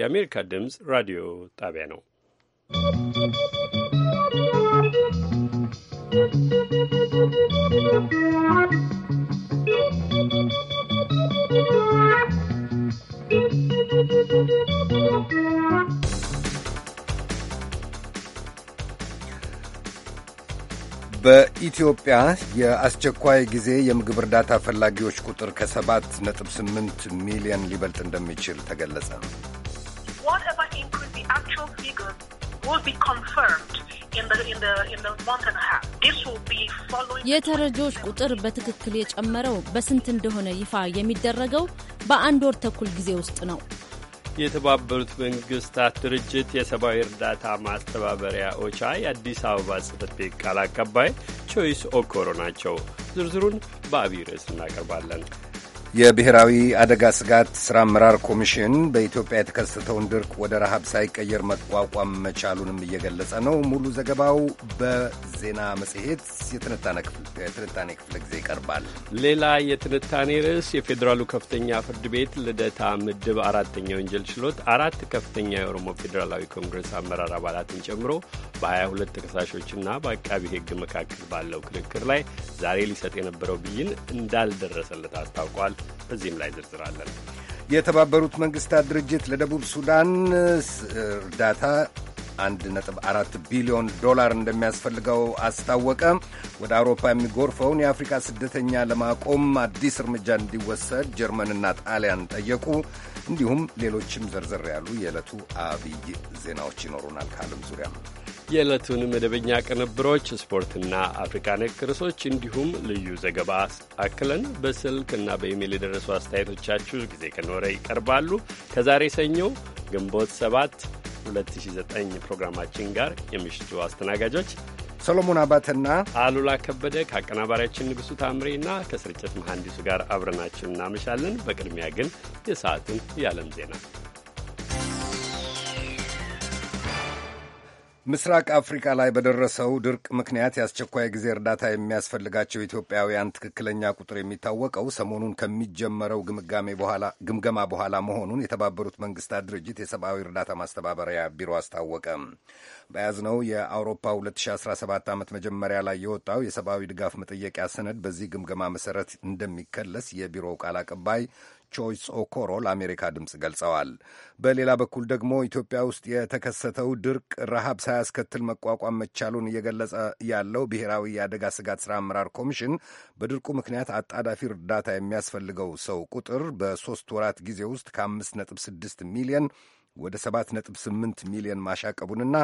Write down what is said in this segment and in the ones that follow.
የአሜሪካ ድምፅ ራዲዮ ጣቢያ ነው። በኢትዮጵያ የአስቸኳይ ጊዜ የምግብ እርዳታ ፈላጊዎች ቁጥር ከ7.8 ሚሊዮን ሊበልጥ እንደሚችል ተገለጸ። የተረጂዎች ቁጥር በትክክል የጨመረው በስንት እንደሆነ ይፋ የሚደረገው በአንድ ወር ተኩል ጊዜ ውስጥ ነው። የተባበሩት መንግስታት ድርጅት የሰብአዊ እርዳታ ማስተባበሪያ ኦቻ የአዲስ አበባ ጽህፈት ቤት ቃል አቀባይ ቾይስ ኦኮሮ ናቸው። ዝርዝሩን በአብይ ርዕስ እናቀርባለን። የብሔራዊ አደጋ ስጋት ሥራ አመራር ኮሚሽን በኢትዮጵያ የተከሰተውን ድርቅ ወደ ረሃብ ሳይቀየር መቋቋም መቻሉንም እየገለጸ ነው። ሙሉ ዘገባው በዜና መጽሔት የትንታኔ ክፍለ ጊዜ ይቀርባል። ሌላ የትንታኔ ርዕስ የፌዴራሉ ከፍተኛ ፍርድ ቤት ልደታ ምድብ አራተኛ ወንጀል ችሎት አራት ከፍተኛ የኦሮሞ ፌዴራላዊ ኮንግረስ አመራር አባላትን ጨምሮ በ22 ተከሳሾችና በአቃቢ ሕግ መካከል ባለው ክርክር ላይ ዛሬ ሊሰጥ የነበረው ብይን እንዳልደረሰለት አስታውቋል። በዚህም ላይ ዝርዝራለን። የተባበሩት መንግስታት ድርጅት ለደቡብ ሱዳን እርዳታ 1.4 ቢሊዮን ዶላር እንደሚያስፈልገው አስታወቀ። ወደ አውሮፓ የሚጎርፈውን የአፍሪካ ስደተኛ ለማቆም አዲስ እርምጃ እንዲወሰድ ጀርመንና ጣሊያን ጠየቁ። እንዲሁም ሌሎችም ዘርዘር ያሉ የዕለቱ አብይ ዜናዎች ይኖሩናል ከዓለም ዙሪያ ነው። የዕለቱን መደበኛ ቅንብሮች፣ ስፖርትና አፍሪካ ነክ ርዕሶች እንዲሁም ልዩ ዘገባ አክለን በስልክ እና በኢሜይል የደረሱ አስተያየቶቻችሁ ጊዜ ከኖረ ይቀርባሉ። ከዛሬ ሰኞ ግንቦት 7 2009 ፕሮግራማችን ጋር የምሽቱ አስተናጋጆች ሰሎሞን አባተና አሉላ ከበደ ከአቀናባሪያችን ንጉሱ ታምሬና ከስርጭት መሐንዲሱ ጋር አብረናችን እናመሻለን። በቅድሚያ ግን የሰዓቱን የዓለም ዜና ምስራቅ አፍሪካ ላይ በደረሰው ድርቅ ምክንያት የአስቸኳይ ጊዜ እርዳታ የሚያስፈልጋቸው ኢትዮጵያውያን ትክክለኛ ቁጥር የሚታወቀው ሰሞኑን ከሚጀመረው ግምገማ በኋላ መሆኑን የተባበሩት መንግስታት ድርጅት የሰብአዊ እርዳታ ማስተባበሪያ ቢሮ አስታወቀ። በያዝነው የአውሮፓ 2017 ዓመት መጀመሪያ ላይ የወጣው የሰብአዊ ድጋፍ መጠየቂያ ሰነድ በዚህ ግምገማ መሰረት እንደሚከለስ የቢሮው ቃል አቀባይ ቾይስ ኦኮሮ ለአሜሪካ ድምፅ ገልጸዋል። በሌላ በኩል ደግሞ ኢትዮጵያ ውስጥ የተከሰተው ድርቅ ረሃብ ሳያስከትል መቋቋም መቻሉን እየገለጸ ያለው ብሔራዊ የአደጋ ስጋት ሥራ አመራር ኮሚሽን በድርቁ ምክንያት አጣዳፊ እርዳታ የሚያስፈልገው ሰው ቁጥር በሦስት ወራት ጊዜ ውስጥ ከአምስት ነጥብ ስድስት ሚሊየን ወደ 7.8 ሚሊዮን ማሻቀቡንና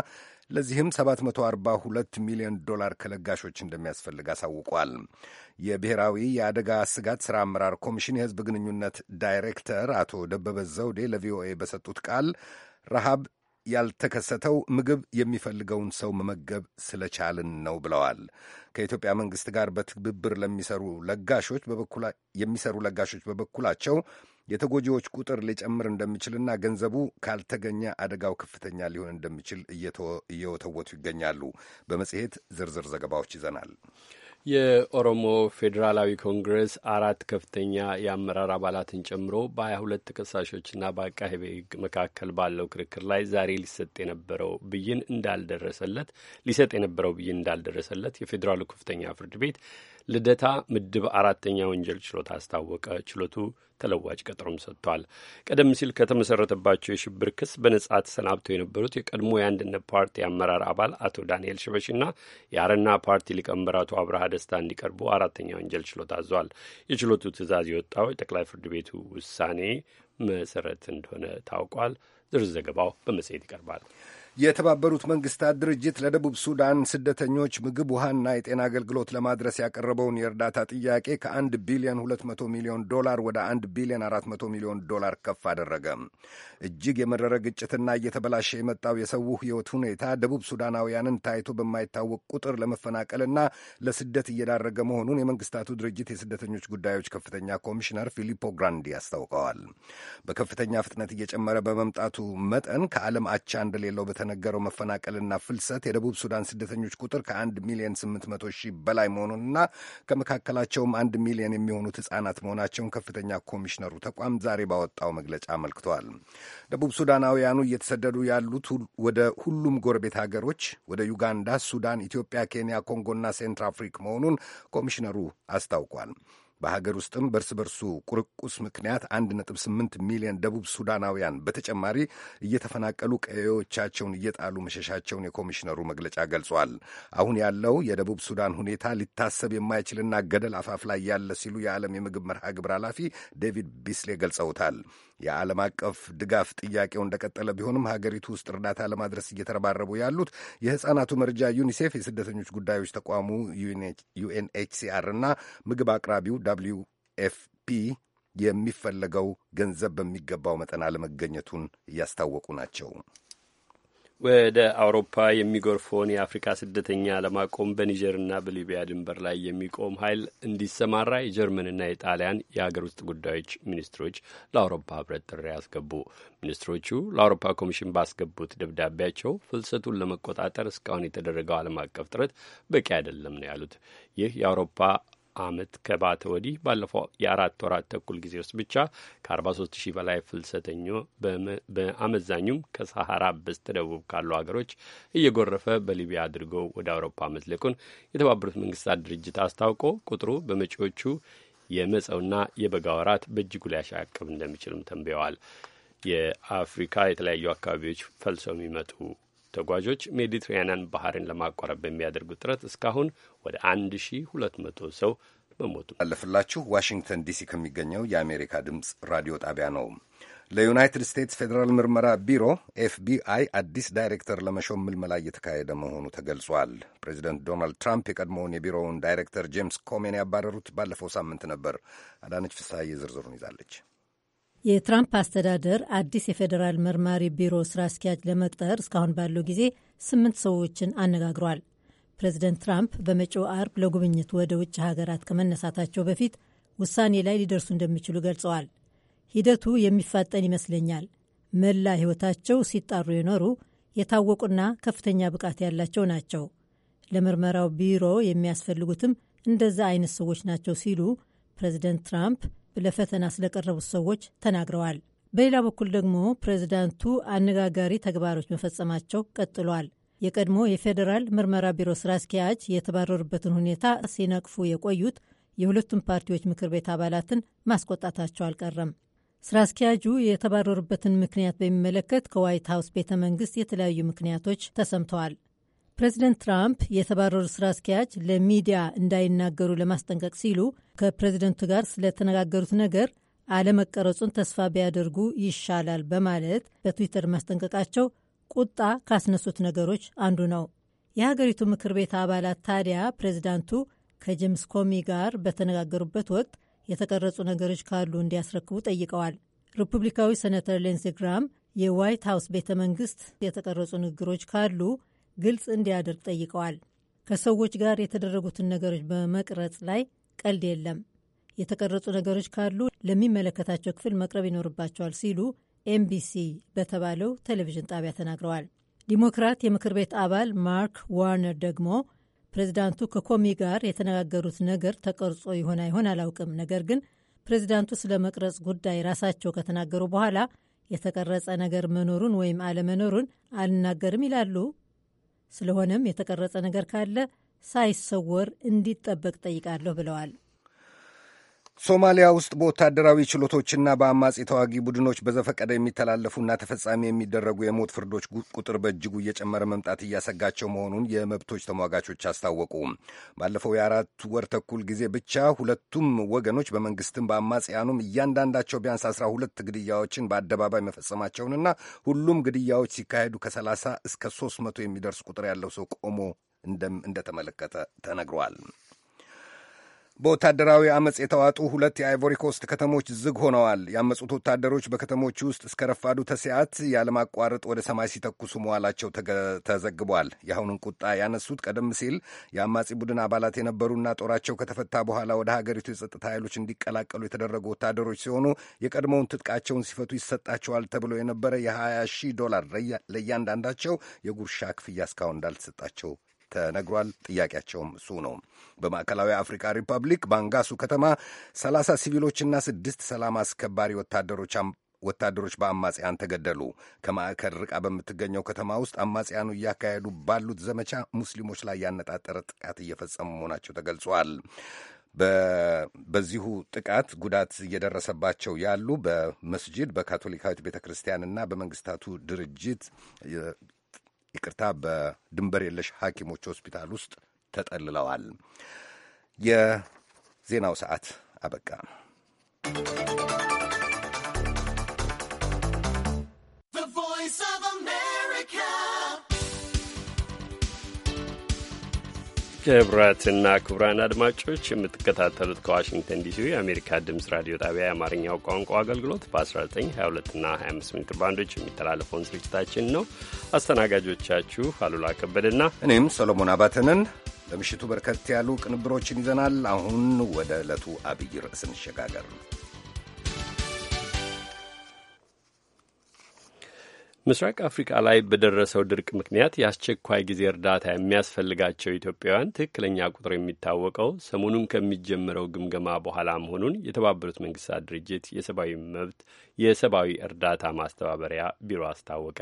ለዚህም 742 ሚሊዮን ዶላር ከለጋሾች እንደሚያስፈልግ አሳውቋል። የብሔራዊ የአደጋ ስጋት ሥራ አመራር ኮሚሽን የሕዝብ ግንኙነት ዳይሬክተር አቶ ደበበ ዘውዴ ለቪኦኤ በሰጡት ቃል ረሃብ ያልተከሰተው ምግብ የሚፈልገውን ሰው መመገብ ስለቻልን ነው ብለዋል። ከኢትዮጵያ መንግሥት ጋር በትብብር ለሚሰሩ ለጋሾች የሚሰሩ ለጋሾች በበኩላቸው የተጎጂዎች ቁጥር ሊጨምር እንደሚችልና ገንዘቡ ካልተገኘ አደጋው ከፍተኛ ሊሆን እንደሚችል እየወተወቱ ይገኛሉ። በመጽሔት ዝርዝር ዘገባዎች ይዘናል። የኦሮሞ ፌዴራላዊ ኮንግረስ አራት ከፍተኛ የአመራር አባላትን ጨምሮ በሀያ ሁለት ተከሳሾችና በአቃቤ ሕግ መካከል ባለው ክርክር ላይ ዛሬ ሊሰጥ የነበረው ብይን እንዳልደረሰለት ሊሰጥ የነበረው ብይን እንዳልደረሰለት የፌዴራሉ ከፍተኛ ፍርድ ቤት ልደታ ምድብ አራተኛ ወንጀል ችሎት አስታወቀ። ችሎቱ ተለዋጭ ቀጠሮም ሰጥቷል። ቀደም ሲል ከተመሰረተባቸው የሽብር ክስ በነጻ ተሰናብተው የነበሩት የቀድሞ የአንድነት ፓርቲ አመራር አባል አቶ ዳንኤል ሽበሽና የአረና ፓርቲ ሊቀመንበር አቶ አብርሃ ደስታ እንዲቀርቡ አራተኛ ወንጀል ችሎት አዟል። የችሎቱ ትዕዛዝ የወጣው የጠቅላይ ፍርድ ቤቱ ውሳኔ መሰረት እንደሆነ ታውቋል። ዝርዝር ዘገባው በመጽሔት ይቀርባል። የተባበሩት መንግስታት ድርጅት ለደቡብ ሱዳን ስደተኞች ምግብ፣ ውሃና የጤና አገልግሎት ለማድረስ ያቀረበውን የእርዳታ ጥያቄ ከ1 ቢሊዮን 200 ሚሊዮን ዶላር ወደ 1 ቢሊዮን 400 ሚሊዮን ዶላር ከፍ አደረገ። እጅግ የመረረ ግጭትና እየተበላሸ የመጣው የሰው ሕይወት ሁኔታ ደቡብ ሱዳናውያንን ታይቶ በማይታወቅ ቁጥር ለመፈናቀልና ለስደት እየዳረገ መሆኑን የመንግስታቱ ድርጅት የስደተኞች ጉዳዮች ከፍተኛ ኮሚሽነር ፊሊፖ ግራንዲ አስታውቀዋል። በከፍተኛ ፍጥነት እየጨመረ በመምጣቱ መጠን ከዓለም አቻ እንደሌለው በተ የተነገረው መፈናቀልና ፍልሰት የደቡብ ሱዳን ስደተኞች ቁጥር ከአንድ ሚሊዮን ስምንት መቶ ሺህ በላይ መሆኑንና ከመካከላቸውም አንድ ሚሊዮን የሚሆኑት ህጻናት መሆናቸውን ከፍተኛ ኮሚሽነሩ ተቋም ዛሬ ባወጣው መግለጫ አመልክተዋል። ደቡብ ሱዳናውያኑ እየተሰደዱ ያሉት ወደ ሁሉም ጎረቤት ሀገሮች ወደ ዩጋንዳ፣ ሱዳን፣ ኢትዮጵያ፣ ኬንያ፣ ኮንጎና ሴንትር አፍሪክ መሆኑን ኮሚሽነሩ አስታውቋል። በሀገር ውስጥም በእርስ በርሱ ቁርቁስ ምክንያት 1.8 ሚሊዮን ደቡብ ሱዳናውያን በተጨማሪ እየተፈናቀሉ ቀዬዎቻቸውን እየጣሉ መሸሻቸውን የኮሚሽነሩ መግለጫ ገልጿል። አሁን ያለው የደቡብ ሱዳን ሁኔታ ሊታሰብ የማይችልና ገደል አፋፍ ላይ ያለ ሲሉ የዓለም የምግብ መርሃ ግብር ኃላፊ ዴቪድ ቢስሌ ገልጸውታል። የዓለም አቀፍ ድጋፍ ጥያቄው እንደቀጠለ ቢሆንም ሀገሪቱ ውስጥ እርዳታ ለማድረስ እየተረባረቡ ያሉት የሕፃናቱ መርጃ ዩኒሴፍ፣ የስደተኞች ጉዳዮች ተቋሙ ዩኤንኤችሲአር እና ምግብ አቅራቢው ደብሊው ፒ የሚፈለገው ገንዘብ በሚገባው መጠን አለመገኘቱን እያስታወቁ ናቸው። ወደ አውሮፓ የሚጎርፈውን የአፍሪካ ስደተኛ ለማቆም በኒጀርና በሊቢያ ድንበር ላይ የሚቆም ኃይል እንዲሰማራ የጀርመንና የጣሊያን የሀገር ውስጥ ጉዳዮች ሚኒስትሮች ለአውሮፓ ህብረት ጥሪ አስገቡ። ሚኒስትሮቹ ለአውሮፓ ኮሚሽን ባስገቡት ደብዳቤያቸው ፍልሰቱን ለመቆጣጠር እስካሁን የተደረገው ዓለም አቀፍ ጥረት በቂ አይደለም ነው ያሉት። ይህ የአውሮፓ ዓመት ከባተ ወዲህ ባለፈው የአራት ወራት ተኩል ጊዜ ውስጥ ብቻ ከ43 ሺህ በላይ ፍልሰተኞ በአመዛኙም ከሳሐራ በስተ ደቡብ ካሉ ሀገሮች እየጎረፈ በሊቢያ አድርጎ ወደ አውሮፓ መዝለቁን የተባበሩት መንግስታት ድርጅት አስታውቆ ቁጥሩ በመጪዎቹ የመጸውና የበጋ ወራት በእጅጉ ሊያሻቅብ እንደሚችልም ተንብየዋል። የአፍሪካ የተለያዩ አካባቢዎች ፈልሰው የሚመጡ ተጓዦች ሜዲትራኒያን ባህርን ለማቋረብ በሚያደርጉት ጥረት እስካሁን ወደ 1200 ሰው መሞቱ አለፍላችሁ። ዋሽንግተን ዲሲ ከሚገኘው የአሜሪካ ድምፅ ራዲዮ ጣቢያ ነው። ለዩናይትድ ስቴትስ ፌዴራል ምርመራ ቢሮ ኤፍቢአይ አዲስ ዳይሬክተር ለመሾም ምልመላ እየተካሄደ መሆኑ ተገልጿል። ፕሬዚደንት ዶናልድ ትራምፕ የቀድሞውን የቢሮውን ዳይሬክተር ጄምስ ኮሜን ያባረሩት ባለፈው ሳምንት ነበር። አዳነች ፍሳዬ ዝርዝሩን ይዛለች። የትራምፕ አስተዳደር አዲስ የፌዴራል መርማሪ ቢሮ ስራ አስኪያጅ ለመቅጠር እስካሁን ባለው ጊዜ ስምንት ሰዎችን አነጋግሯል። ፕሬዚደንት ትራምፕ በመጪው አርብ ለጉብኝት ወደ ውጭ ሀገራት ከመነሳታቸው በፊት ውሳኔ ላይ ሊደርሱ እንደሚችሉ ገልጸዋል። ሂደቱ የሚፋጠን ይመስለኛል። መላ ሕይወታቸው ሲጣሩ የኖሩ የታወቁና ከፍተኛ ብቃት ያላቸው ናቸው። ለምርመራው ቢሮ የሚያስፈልጉትም እንደዛ አይነት ሰዎች ናቸው ሲሉ ፕሬዚደንት ትራምፕ ለፈተና ስለቀረቡት ሰዎች ተናግረዋል። በሌላ በኩል ደግሞ ፕሬዚዳንቱ አነጋጋሪ ተግባሮች መፈጸማቸው ቀጥሏል። የቀድሞ የፌዴራል ምርመራ ቢሮ ስራ አስኪያጅ የተባረሩበትን ሁኔታ ሲነቅፉ የቆዩት የሁለቱም ፓርቲዎች ምክር ቤት አባላትን ማስቆጣታቸው አልቀረም። ስራ አስኪያጁ የተባረሩበትን ምክንያት በሚመለከት ከዋይት ሀውስ ቤተ መንግስት የተለያዩ ምክንያቶች ተሰምተዋል። ፕሬዚደንት ትራምፕ የተባረሩ ስራ አስኪያጅ ለሚዲያ እንዳይናገሩ ለማስጠንቀቅ ሲሉ ከፕሬዚደንቱ ጋር ስለተነጋገሩት ነገር አለመቀረጹን ተስፋ ቢያደርጉ ይሻላል በማለት በትዊተር ማስጠንቀቃቸው ቁጣ ካስነሱት ነገሮች አንዱ ነው። የሀገሪቱ ምክር ቤት አባላት ታዲያ ፕሬዚዳንቱ ከጄምስ ኮሚ ጋር በተነጋገሩበት ወቅት የተቀረጹ ነገሮች ካሉ እንዲያስረክቡ ጠይቀዋል። ሪፑብሊካዊ ሴኔተር ሌንሲ ግራም የዋይት ሀውስ ቤተ መንግስት የተቀረጹ ንግግሮች ካሉ ግልጽ እንዲያደርግ ጠይቀዋል። ከሰዎች ጋር የተደረጉትን ነገሮች በመቅረጽ ላይ ቀልድ የለም፣ የተቀረጹ ነገሮች ካሉ ለሚመለከታቸው ክፍል መቅረብ ይኖርባቸዋል ሲሉ ኤምቢሲ በተባለው ቴሌቪዥን ጣቢያ ተናግረዋል። ዲሞክራት የምክር ቤት አባል ማርክ ዋርነር ደግሞ ፕሬዚዳንቱ ከኮሚ ጋር የተነጋገሩት ነገር ተቀርጾ ይሆን አይሆን አላውቅም፣ ነገር ግን ፕሬዚዳንቱ ስለ መቅረጽ ጉዳይ ራሳቸው ከተናገሩ በኋላ የተቀረጸ ነገር መኖሩን ወይም አለመኖሩን አልናገርም ይላሉ ስለሆነም የተቀረጸ ነገር ካለ ሳይሰወር እንዲጠበቅ ጠይቃለሁ ብለዋል። ሶማሊያ ውስጥ በወታደራዊ ችሎቶችና በአማጺ ተዋጊ ቡድኖች በዘፈቀደ የሚተላለፉና ተፈጻሚ የሚደረጉ የሞት ፍርዶች ቁጥር በእጅጉ እየጨመረ መምጣት እያሰጋቸው መሆኑን የመብቶች ተሟጋቾች አስታወቁ። ባለፈው የአራት ወር ተኩል ጊዜ ብቻ ሁለቱም ወገኖች በመንግስትም በአማጽያኑም እያንዳንዳቸው ቢያንስ አስራ ሁለት ግድያዎችን በአደባባይ መፈጸማቸውንና ሁሉም ግድያዎች ሲካሄዱ ከሰላሳ እስከ ሶስት መቶ የሚደርስ ቁጥር ያለው ሰው ቆሞ እንደተመለከተ ተነግሯል። በወታደራዊ አመፅ የተዋጡ ሁለት የአይቮሪኮስት ከተሞች ዝግ ሆነዋል። ያመፁት ወታደሮች በከተሞች ውስጥ እስከ ረፋዱ ተሲያት ያለማቋረጥ ወደ ሰማይ ሲተኩሱ መዋላቸው ተዘግቧል። የአሁኑን ቁጣ ያነሱት ቀደም ሲል የአማጺ ቡድን አባላት የነበሩና ጦራቸው ከተፈታ በኋላ ወደ ሀገሪቱ የጸጥታ ኃይሎች እንዲቀላቀሉ የተደረጉ ወታደሮች ሲሆኑ የቀድሞውን ትጥቃቸውን ሲፈቱ ይሰጣቸዋል ተብሎ የነበረ የ20 ሺህ ዶላር ለእያንዳንዳቸው የጉርሻ ክፍያ እስካሁን እንዳልተሰጣቸው ተነግሯል። ጥያቄያቸውም እሱ ነው። በማዕከላዊ አፍሪካ ሪፐብሊክ ባንጋሱ ከተማ ሰላሳ ሲቪሎችና ስድስት ሰላም አስከባሪ ወታደሮች ወታደሮች በአማጽያን ተገደሉ። ከማዕከል ርቃ በምትገኘው ከተማ ውስጥ አማጽያኑ እያካሄዱ ባሉት ዘመቻ ሙስሊሞች ላይ ያነጣጠረ ጥቃት እየፈጸሙ መሆናቸው ተገልጿል። በዚሁ ጥቃት ጉዳት እየደረሰባቸው ያሉ በመስጅድ በካቶሊካዊት ቤተ ክርስቲያንና በመንግስታቱ ድርጅት ይቅርታ በድንበር የለሽ ሐኪሞች ሆስፒታል ውስጥ ተጠልለዋል። የዜናው ሰዓት አበቃ። ክቡራትና ክቡራን አድማጮች የምትከታተሉት ከዋሽንግተን ዲሲ የአሜሪካ ድምፅ ራዲዮ ጣቢያ የአማርኛው ቋንቋ አገልግሎት በ1922ና 25 ሜትር ባንዶች የሚተላለፈውን ስርጭታችን ነው። አስተናጋጆቻችሁ አሉላ ከበደና እኔም ሰሎሞን አባተንን ለምሽቱ በርከት ያሉ ቅንብሮችን ይዘናል። አሁን ወደ ዕለቱ አብይ ርዕስ እንሸጋገር። ምስራቅ አፍሪካ ላይ በደረሰው ድርቅ ምክንያት የአስቸኳይ ጊዜ እርዳታ የሚያስፈልጋቸው ኢትዮጵያውያን ትክክለኛ ቁጥር የሚታወቀው ሰሞኑን ከሚጀምረው ግምገማ በኋላ መሆኑን የተባበሩት መንግስታት ድርጅት የሰብአዊ መብት የሰብአዊ እርዳታ ማስተባበሪያ ቢሮ አስታወቀ።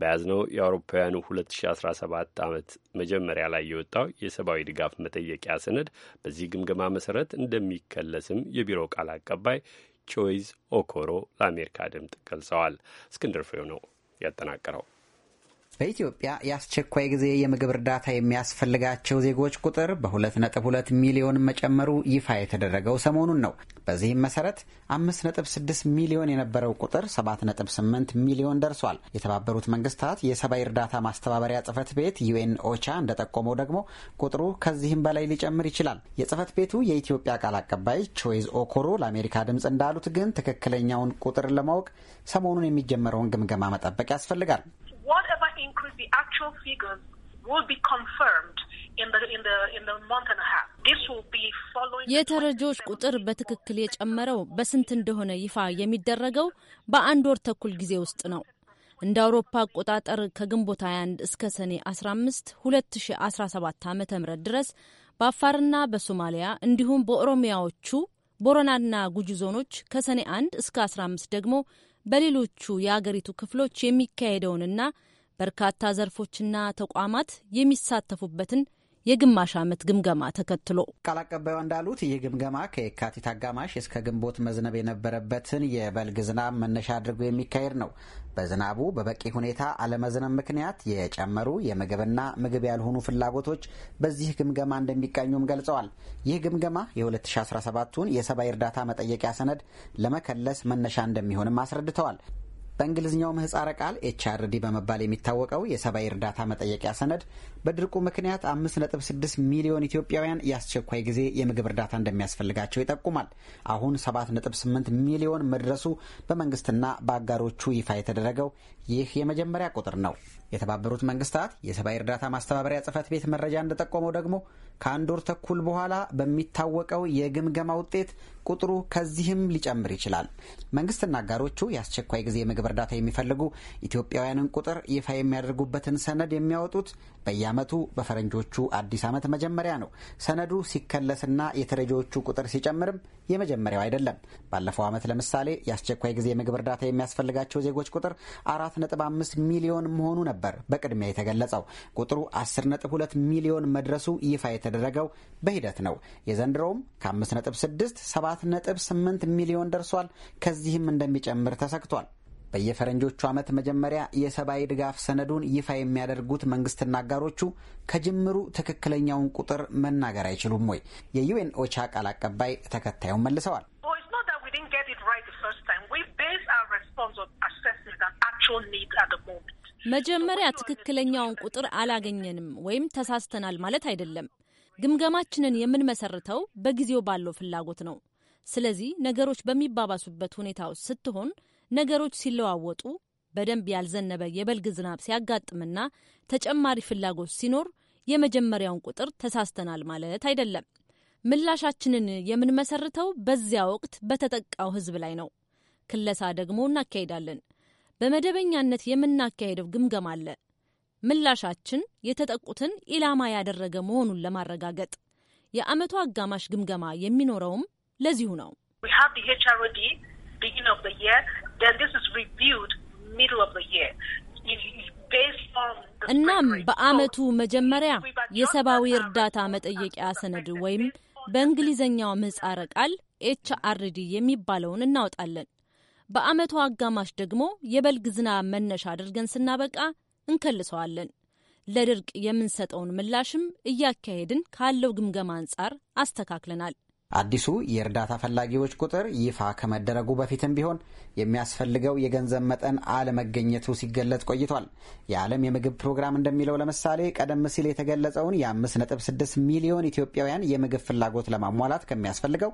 በያዝነው የአውሮፓውያኑ 2017 ዓመት መጀመሪያ ላይ የወጣው የሰብአዊ ድጋፍ መጠየቂያ ሰነድ በዚህ ግምገማ መሰረት እንደሚከለስም የቢሮው ቃል አቀባይ ቾይዝ ኦኮሮ ለአሜሪካ ድምፅ ገልጸዋል። እስክንድር ፍሬው ነው やったなっかろう。በኢትዮጵያ የአስቸኳይ ጊዜ የምግብ እርዳታ የሚያስፈልጋቸው ዜጎች ቁጥር በ2.2 ሚሊዮን መጨመሩ ይፋ የተደረገው ሰሞኑን ነው። በዚህም መሰረት 5.6 ሚሊዮን የነበረው ቁጥር 7.8 ሚሊዮን ደርሷል። የተባበሩት መንግስታት የሰብአዊ እርዳታ ማስተባበሪያ ጽህፈት ቤት ዩኤን ኦቻ እንደጠቆመው ደግሞ ቁጥሩ ከዚህም በላይ ሊጨምር ይችላል። የጽህፈት ቤቱ የኢትዮጵያ ቃል አቀባይ ቾይዝ ኦኮሮ ለአሜሪካ ድምፅ እንዳሉት ግን ትክክለኛውን ቁጥር ለማወቅ ሰሞኑን የሚጀመረውን ግምገማ መጠበቅ ያስፈልጋል። increase, the actual figures will be confirmed in the, in the, in the month and a half. This will be following... የተረጂዎች ቁጥር በትክክል የጨመረው በስንት እንደሆነ ይፋ የሚደረገው በአንድ ወር ተኩል ጊዜ ውስጥ ነው። እንደ አውሮፓ አቆጣጠር ከግንቦት 21 እስከ ሰኔ 15 2017 ዓ ም ድረስ በአፋርና በሶማሊያ እንዲሁም በኦሮሚያዎቹ ቦረናና ጉጂ ዞኖች ከሰኔ 1 እስከ 15 ደግሞ በሌሎቹ የአገሪቱ ክፍሎች የሚካሄደውንና በርካታ ዘርፎችና ተቋማት የሚሳተፉበትን የግማሽ ዓመት ግምገማ ተከትሎ ቃል አቀባዩ እንዳሉት ይህ ግምገማ ከየካቲት አጋማሽ እስከ ግንቦት መዝነብ የነበረበትን የበልግ ዝናብ መነሻ አድርጎ የሚካሄድ ነው። በዝናቡ በበቂ ሁኔታ አለመዝነብ ምክንያት የጨመሩ የምግብና ምግብ ያልሆኑ ፍላጎቶች በዚህ ግምገማ እንደሚቃኙም ገልጸዋል። ይህ ግምገማ የ2017ቱን የሰብአዊ እርዳታ መጠየቂያ ሰነድ ለመከለስ መነሻ እንደሚሆንም አስረድተዋል። በእንግሊዝኛው ምህፃረ ቃል ኤችአርዲ በመባል የሚታወቀው የሰብአዊ እርዳታ መጠየቂያ ሰነድ በድርቁ ምክንያት 5.6 ሚሊዮን ኢትዮጵያውያን የአስቸኳይ ጊዜ የምግብ እርዳታ እንደሚያስፈልጋቸው ይጠቁማል። አሁን 7.8 ሚሊዮን መድረሱ በመንግስትና በአጋሮቹ ይፋ የተደረገው ይህ የመጀመሪያ ቁጥር ነው። የተባበሩት መንግስታት የሰብአዊ እርዳታ ማስተባበሪያ ጽህፈት ቤት መረጃ እንደጠቆመው ደግሞ ከአንድ ወር ተኩል በኋላ በሚታወቀው የግምገማ ውጤት ቁጥሩ ከዚህም ሊጨምር ይችላል። መንግስትና አጋሮቹ የአስቸኳይ ጊዜ የምግብ እርዳታ የሚፈልጉ ኢትዮጵያውያንን ቁጥር ይፋ የሚያደርጉበትን ሰነድ የሚያወጡት በየዓመቱ በፈረንጆቹ አዲስ ዓመት መጀመሪያ ነው። ሰነዱ ሲከለስና የተረጂዎቹ ቁጥር ሲጨምርም የመጀመሪያው አይደለም። ባለፈው ዓመት ለምሳሌ የአስቸኳይ ጊዜ ምግብ እርዳታ የሚያስፈልጋቸው ዜጎች ቁጥር 4.5 ሚሊዮን መሆኑ ነበር በቅድሚያ የተገለጸው። ቁጥሩ 10.2 ሚሊዮን መድረሱ ይፋ የተደረገው በሂደት ነው። የዘንድሮውም ከ5.6 7.8 ሚሊዮን ደርሷል። ከዚህም እንደሚጨምር ተሰግቷል። በየፈረንጆቹ ዓመት መጀመሪያ የሰብአዊ ድጋፍ ሰነዱን ይፋ የሚያደርጉት መንግስትና አጋሮቹ ከጅምሩ ትክክለኛውን ቁጥር መናገር አይችሉም ወይ? የዩኤን ኦቻ ቃል አቀባይ ተከታዩን መልሰዋል። oh, መጀመሪያ ትክክለኛውን ቁጥር አላገኘንም ወይም ተሳስተናል ማለት አይደለም። ግምገማችንን የምንመሰርተው በጊዜው ባለው ፍላጎት ነው። ስለዚህ ነገሮች በሚባባሱበት ሁኔታ ውስጥ ስትሆን ነገሮች ሲለዋወጡ በደንብ ያልዘነበ የበልግ ዝናብ ሲያጋጥምና ተጨማሪ ፍላጎት ሲኖር የመጀመሪያውን ቁጥር ተሳስተናል ማለት አይደለም። ምላሻችንን የምንመሰርተው በዚያ ወቅት በተጠቃው ሕዝብ ላይ ነው። ክለሳ ደግሞ እናካሄዳለን። በመደበኛነት የምናካሄደው ግምገማ አለ። ምላሻችን የተጠቁትን ኢላማ ያደረገ መሆኑን ለማረጋገጥ የአመቱ አጋማሽ ግምገማ የሚኖረውም ለዚሁ ነው። እናም በአመቱ መጀመሪያ የሰብአዊ እርዳታ መጠየቂያ ሰነድ ወይም በእንግሊዝኛው ምህጻረ ቃል ኤች አርዲ የሚባለውን እናወጣለን። በአመቱ አጋማሽ ደግሞ የበልግ ዝናብ መነሻ አድርገን ስናበቃ እንከልሰዋለን። ለድርቅ የምንሰጠውን ምላሽም እያካሄድን ካለው ግምገማ አንጻር አስተካክለናል። አዲሱ የእርዳታ ፈላጊዎች ቁጥር ይፋ ከመደረጉ በፊትም ቢሆን የሚያስፈልገው የገንዘብ መጠን አለመገኘቱ ሲገለጽ ቆይቷል። የዓለም የምግብ ፕሮግራም እንደሚለው ለምሳሌ ቀደም ሲል የተገለጸውን የ5.6 ሚሊዮን ኢትዮጵያውያን የምግብ ፍላጎት ለማሟላት ከሚያስፈልገው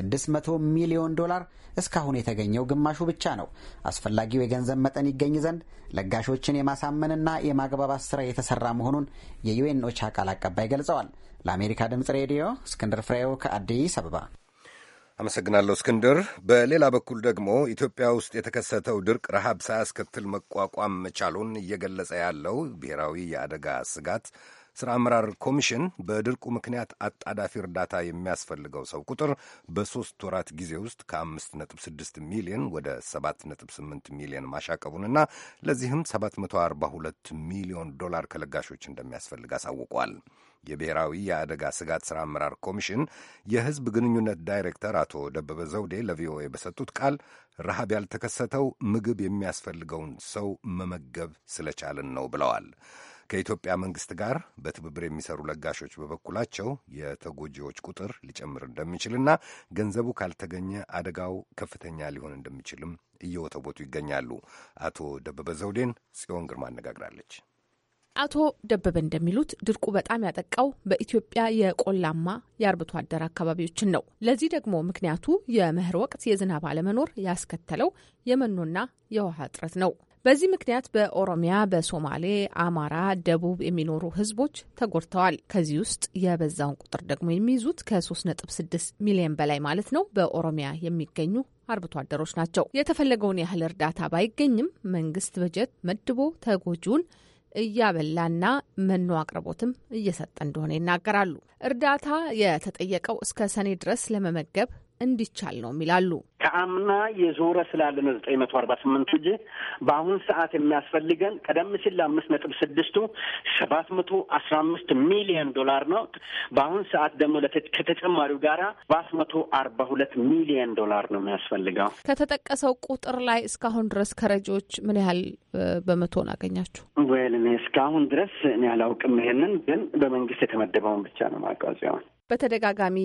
600 ሚሊዮን ዶላር እስካሁን የተገኘው ግማሹ ብቻ ነው። አስፈላጊው የገንዘብ መጠን ይገኝ ዘንድ ለጋሾችን የማሳመንና የማግባባት ስራ የተሰራ መሆኑን የዩኤን ኦቻ ቃል አቀባይ ገልጸዋል። ለአሜሪካ ድምፅ ሬዲዮ እስክንድር ፍሬው ከአዲስ አበባ አመሰግናለሁ እስክንድር። በሌላ በኩል ደግሞ ኢትዮጵያ ውስጥ የተከሰተው ድርቅ ረሃብ ሳያስከትል መቋቋም መቻሉን እየገለጸ ያለው ብሔራዊ የአደጋ ስጋት ሥራ አመራር ኮሚሽን በድርቁ ምክንያት አጣዳፊ እርዳታ የሚያስፈልገው ሰው ቁጥር በሦስት ወራት ጊዜ ውስጥ ከ5.6 ሚሊዮን ወደ 7.8 ሚሊዮን ማሻቀቡንና ለዚህም 742 ሚሊዮን ዶላር ከለጋሾች እንደሚያስፈልግ አሳውቋል። የብሔራዊ የአደጋ ስጋት ሥራ አመራር ኮሚሽን የሕዝብ ግንኙነት ዳይሬክተር አቶ ደበበ ዘውዴ ለቪኦኤ በሰጡት ቃል ረሃብ ያልተከሰተው ምግብ የሚያስፈልገውን ሰው መመገብ ስለቻልን ነው ብለዋል። ከኢትዮጵያ መንግስት ጋር በትብብር የሚሰሩ ለጋሾች በበኩላቸው የተጎጂዎች ቁጥር ሊጨምር እንደሚችልና ገንዘቡ ካልተገኘ አደጋው ከፍተኛ ሊሆን እንደሚችልም እየወተወቱ ይገኛሉ። አቶ ደበበ ዘውዴን ጽዮን ግርማ አነጋግራለች። አቶ ደበበ እንደሚሉት ድርቁ በጣም ያጠቃው በኢትዮጵያ የቆላማ የአርብቶ አደር አካባቢዎችን ነው። ለዚህ ደግሞ ምክንያቱ የመኸር ወቅት የዝናብ አለመኖር ያስከተለው የመኖና የውሃ እጥረት ነው። በዚህ ምክንያት በኦሮሚያ፣ በሶማሌ፣ አማራ፣ ደቡብ የሚኖሩ ህዝቦች ተጎድተዋል። ከዚህ ውስጥ የበዛውን ቁጥር ደግሞ የሚይዙት ከ3.6 ሚሊዮን በላይ ማለት ነው በኦሮሚያ የሚገኙ አርብቶ አደሮች ናቸው። የተፈለገውን ያህል እርዳታ ባይገኝም መንግስት በጀት መድቦ ተጎጂውን እያበላና መኖ አቅርቦትም እየሰጠ እንደሆነ ይናገራሉ። እርዳታ የተጠየቀው እስከ ሰኔ ድረስ ለመመገብ እንዲቻል ነው ይላሉ። ከአምና የዞረ ስላለ ነው ዘጠኝ መቶ አርባ ስምንቱ እጅ በአሁን ሰዓት የሚያስፈልገን ቀደም ሲል ለአምስት ነጥብ ስድስቱ ሰባት መቶ አስራ አምስት ሚሊዮን ዶላር ነው። በአሁን ሰዓት ደግሞ ከተጨማሪው ጋራ ሰባት መቶ አርባ ሁለት ሚሊዮን ዶላር ነው የሚያስፈልገው። ከተጠቀሰው ቁጥር ላይ እስካሁን ድረስ ከረጂዎች ምን ያህል በመቶን አገኛችሁ? ወይል እኔ እስካሁን ድረስ እኔ አላውቅም። ይሄንን ግን በመንግስት የተመደበውን ብቻ ነው ማቃዚያውን በተደጋጋሚ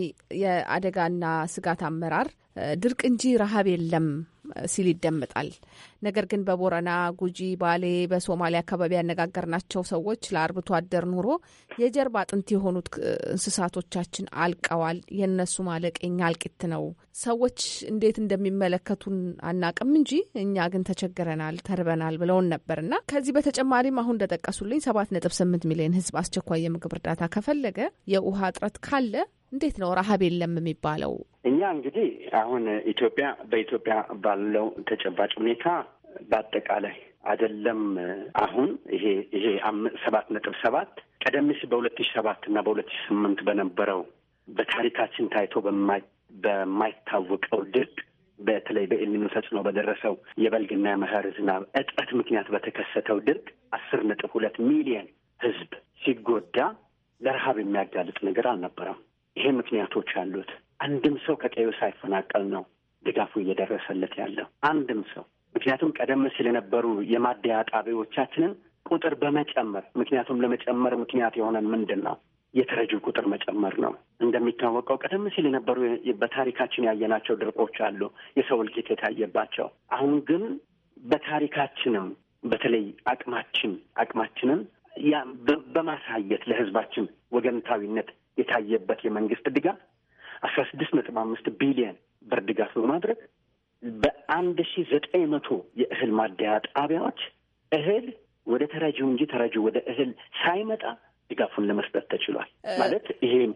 የአደጋና ስጋት አመራር ድርቅ እንጂ ረሃብ የለም ሲል ይደመጣል። ነገር ግን በቦረና ጉጂ፣ ባሌ፣ በሶማሊያ አካባቢ ያነጋገርናቸው ሰዎች ለአርብቶ አደር ኑሮ የጀርባ አጥንት የሆኑት እንስሳቶቻችን አልቀዋል። የነሱ ማለቅ የኛ አልቂት ነው። ሰዎች እንዴት እንደሚመለከቱን አናቅም እንጂ እኛ ግን ተቸግረናል፣ ተርበናል ብለውን ነበር እና ከዚህ በተጨማሪም አሁን እንደጠቀሱልኝ ሰባት ነጥብ ስምንት ሚሊዮን ህዝብ አስቸኳይ የምግብ እርዳታ ከፈለገ የውሃ እጥረት ካለ እንዴት ነው ረሀብ የለም የሚባለው? እኛ እንግዲህ አሁን ኢትዮጵያ በኢትዮጵያ ባለው ተጨባጭ ሁኔታ በአጠቃላይ አይደለም። አሁን ይሄ ይሄ ሰባት ነጥብ ሰባት ቀደም ሲል በሁለት ሺ ሰባት እና በሁለት ሺ ስምንት በነበረው በታሪካችን ታይቶ በማይታወቀው ድርቅ በተለይ በኤልኒኖ ተጽዕኖ በደረሰው የበልግና የመኸር ዝናብ እጥረት ምክንያት በተከሰተው ድርቅ አስር ነጥብ ሁለት ሚሊየን ህዝብ ሲጎዳ ለረሃብ የሚያጋልጥ ነገር አልነበረም። ይሄ ምክንያቶች አሉት። አንድም ሰው ከቀዩ ሳይፈናቀል ነው ድጋፉ እየደረሰለት ያለው አንድም ሰው ምክንያቱም ቀደም ሲል የነበሩ የማደያ ጣቢያዎቻችንን ቁጥር በመጨመር ምክንያቱም ለመጨመር ምክንያት የሆነን ምንድን ነው? የተረጂ ቁጥር መጨመር ነው። እንደሚታወቀው ቀደም ሲል የነበሩ በታሪካችን ያየናቸው ድርቆች አሉ፣ የሰው እልቂት የታየባቸው። አሁን ግን በታሪካችንም በተለይ አቅማችን አቅማችንን በማሳየት ለህዝባችን ወገንታዊነት የታየበት የመንግስት ድጋፍ አስራ ስድስት ነጥብ አምስት ቢሊየን ብር ድጋፍ በማድረግ በአንድ ሺ ዘጠኝ መቶ የእህል ማደያ ጣቢያዎች እህል ወደ ተረጂው እንጂ ተረጂው ወደ እህል ሳይመጣ ድጋፉን ለመስጠት ተችሏል። ማለት ይሄም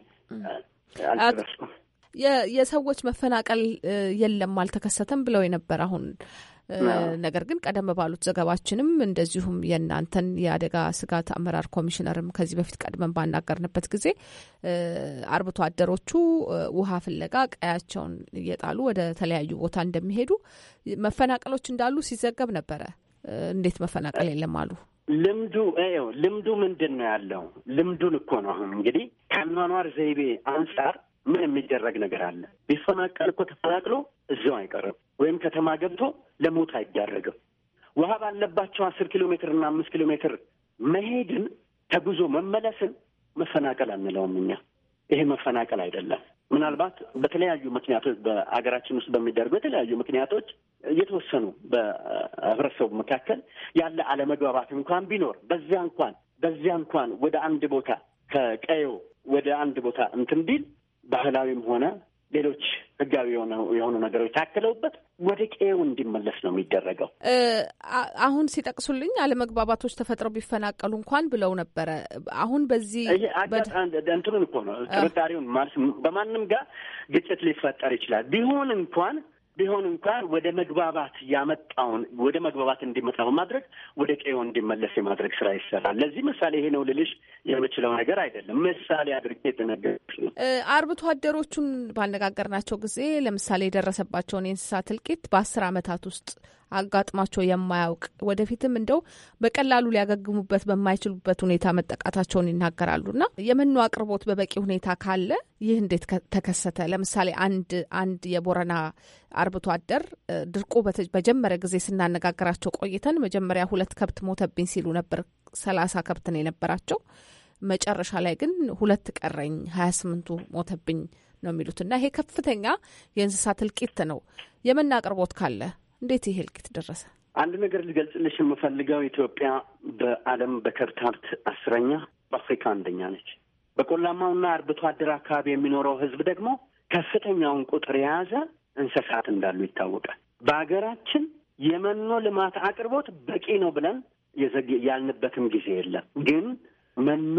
አልተረሱም። የሰዎች መፈናቀል የለም አልተከሰተም ብለው የነበር አሁን ነገር ግን ቀደም ባሉት ዘገባችንም እንደዚሁም የእናንተን የአደጋ ስጋት አመራር ኮሚሽነርም ከዚህ በፊት ቀድመን ባናገርንበት ጊዜ አርብቶ አደሮቹ ውሃ ፍለጋ ቀያቸውን እየጣሉ ወደ ተለያዩ ቦታ እንደሚሄዱ መፈናቀሎች እንዳሉ ሲዘገብ ነበረ። እንዴት መፈናቀል የለም አሉ? ልምዱ ልምዱ ምንድን ነው ያለው? ልምዱን እኮ ነው አሁን እንግዲህ ከአኗኗር ዘይቤ አንጻር ምን የሚደረግ ነገር አለ? ቢፈናቀል እኮ ተፈናቅሎ እዚያው አይቀርም፣ ወይም ከተማ ገብቶ ለሞት አይዳረግም። ውሃ ባለባቸው አስር ኪሎ ሜትር እና አምስት ኪሎ ሜትር መሄድን ተጉዞ መመለስን መፈናቀል አንለውም እኛ። ይሄ መፈናቀል አይደለም። ምናልባት በተለያዩ ምክንያቶች በሀገራችን ውስጥ በሚደረጉ የተለያዩ ምክንያቶች እየተወሰኑ በህብረተሰቡ መካከል ያለ አለመግባባት እንኳን ቢኖር በዚያ እንኳን በዚያ እንኳን ወደ አንድ ቦታ ከቀዮ ወደ አንድ ቦታ እንትን ቢል ባህላዊም ሆነ ሌሎች ህጋዊ የሆኑ ነገሮች ታክለውበት ወደ ቀየው እንዲመለስ ነው የሚደረገው። አሁን ሲጠቅሱልኝ አለመግባባቶች ተፈጥረው ቢፈናቀሉ እንኳን ብለው ነበረ። አሁን በዚህ እንትኑን እኮ ነው ጥርጣሬውን ማለት በማንም ጋር ግጭት ሊፈጠር ይችላል ቢሆን እንኳን ቢሆን እንኳን ወደ መግባባት ያመጣውን ወደ መግባባት እንዲመጣ በማድረግ ወደ ቀዮ እንዲመለስ የማድረግ ስራ ይሰራል። ለዚህ ምሳሌ ይሄ ነው ልልሽ የምችለው ነገር አይደለም። ምሳሌ አድርጌ የተነገሩት ነው። አርብቶ አደሮቹን ባነጋገርናቸው ጊዜ ለምሳሌ የደረሰባቸውን የእንስሳት እልቂት በአስር ዓመታት ውስጥ አጋጥሟቸው የማያውቅ ወደፊትም እንደው በቀላሉ ሊያገግሙበት በማይችሉበት ሁኔታ መጠቃታቸውን ይናገራሉና የመኖ አቅርቦት በበቂ ሁኔታ ካለ ይህ እንዴት ተከሰተ? ለምሳሌ አንድ አንድ የቦረና አርብቶ አደር ድርቁ በጀመረ ጊዜ ስናነጋገራቸው ቆይተን መጀመሪያ ሁለት ከብት ሞተብኝ ሲሉ ነበር። ሰላሳ ከብት ነው የነበራቸው። መጨረሻ ላይ ግን ሁለት ቀረኝ፣ ሀያ ስምንቱ ሞተብኝ ነው የሚሉት እና ይሄ ከፍተኛ የእንስሳት እልቂት ነው። የመኖ አቅርቦት ካለ እንዴት ይሄ እልቂት ደረሰ? አንድ ነገር ልገልጽልሽ የምፈልገው ኢትዮጵያ በዓለም ሀብት አስረኛ በአፍሪካ አንደኛ ነች። በቆላማውና አርብቶ አደር አካባቢ የሚኖረው ህዝብ ደግሞ ከፍተኛውን ቁጥር የያዘ እንስሳት እንዳሉ ይታወቃል። በሀገራችን የመኖ ልማት አቅርቦት በቂ ነው ብለን ያልንበትም ጊዜ የለም። ግን መኖ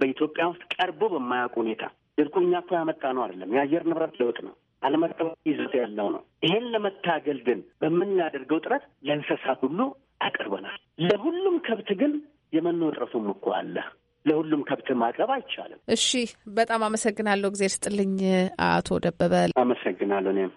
በኢትዮጵያ ውስጥ ቀርቦ በማያውቅ ሁኔታ ድርቁ እኮ ያመጣ ነው አይደለም፣ የአየር ንብረት ለውጥ ነው። ዓለም አቀፍ ይዘት ያለው ነው። ይሄን ለመታገል ግን በምናደርገው ጥረት ለእንስሳት ሁሉ አቅርበናል። ለሁሉም ከብት ግን የመኖ እጥረቱም እኮ አለ። ለሁሉም ከብት ማቅረብ አይቻልም። እሺ፣ በጣም አመሰግናለሁ። እግዜር ስጥልኝ አቶ ደበበ። አመሰግናለሁ እኔም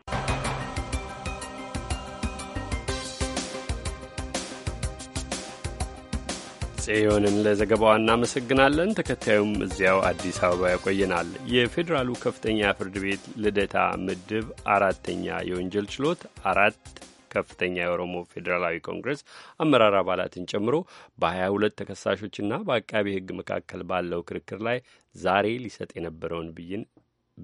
ጽዮንን ለዘገባው እናመሰግናለን። ተከታዩም እዚያው አዲስ አበባ ያቆየናል። የፌዴራሉ ከፍተኛ ፍርድ ቤት ልደታ ምድብ አራተኛ የወንጀል ችሎት አራት ከፍተኛ የኦሮሞ ፌዴራላዊ ኮንግረስ አመራር አባላትን ጨምሮ በ22 ተከሳሾችና በአቃቢ ሕግ መካከል ባለው ክርክር ላይ ዛሬ ሊሰጥ የነበረውን ብይን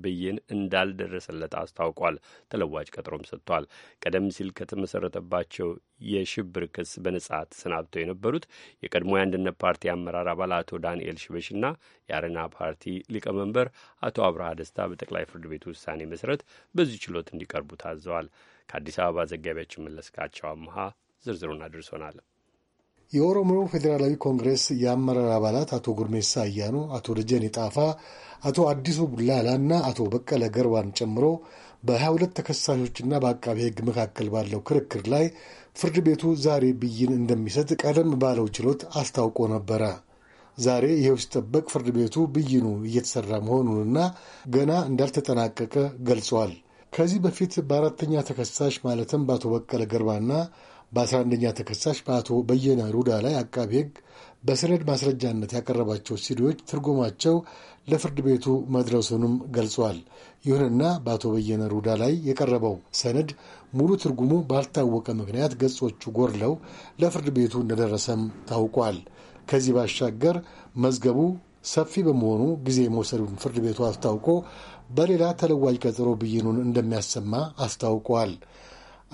ብይን እንዳልደረሰለት አስታውቋል። ተለዋጭ ቀጠሮም ሰጥቷል። ቀደም ሲል ከተመሰረተባቸው የሽብር ክስ በነጻ ተሰናብተው የነበሩት የቀድሞ የአንድነት ፓርቲ አመራር አባል አቶ ዳንኤል ሽበሽና የአረና ፓርቲ ሊቀመንበር አቶ አብርሃ ደስታ በጠቅላይ ፍርድ ቤት ውሳኔ መሰረት በዚህ ችሎት እንዲቀርቡ ታዘዋል። ከአዲስ አበባ ዘጋቢያችን መለስካቸው አምሃ ዝርዝሩን አድርሶናል። የኦሮሞ ፌዴራላዊ ኮንግሬስ የአመራር አባላት አቶ ጉርሜሳ አያኑ፣ አቶ ደጀኔ ጣፋ፣ አቶ አዲሱ ቡላላ እና አቶ በቀለ ገርባን ጨምሮ በ22 ተከሳሾችና በአቃቢ ሕግ መካከል ባለው ክርክር ላይ ፍርድ ቤቱ ዛሬ ብይን እንደሚሰጥ ቀደም ባለው ችሎት አስታውቆ ነበረ። ዛሬ ይኸው ሲጠበቅ ፍርድ ቤቱ ብይኑ እየተሰራ መሆኑንና ገና እንዳልተጠናቀቀ ገልጿል። ከዚህ በፊት በአራተኛ ተከሳሽ ማለትም በአቶ በቀለ ገርባና በ 11 ኛ ተከሳሽ በአቶ በየነ ሩዳ ላይ አቃቢ ሕግ በሰነድ ማስረጃነት ያቀረባቸው ሲዲዎች ትርጉማቸው ለፍርድ ቤቱ መድረሱንም ገልጿል። ይሁንና በአቶ በየነ ሩዳ ላይ የቀረበው ሰነድ ሙሉ ትርጉሙ ባልታወቀ ምክንያት ገጾቹ ጎድለው ለፍርድ ቤቱ እንደደረሰም ታውቋል። ከዚህ ባሻገር መዝገቡ ሰፊ በመሆኑ ጊዜ መውሰዱን ፍርድ ቤቱ አስታውቆ በሌላ ተለዋጭ ቀጠሮ ብይኑን እንደሚያሰማ አስታውቋል።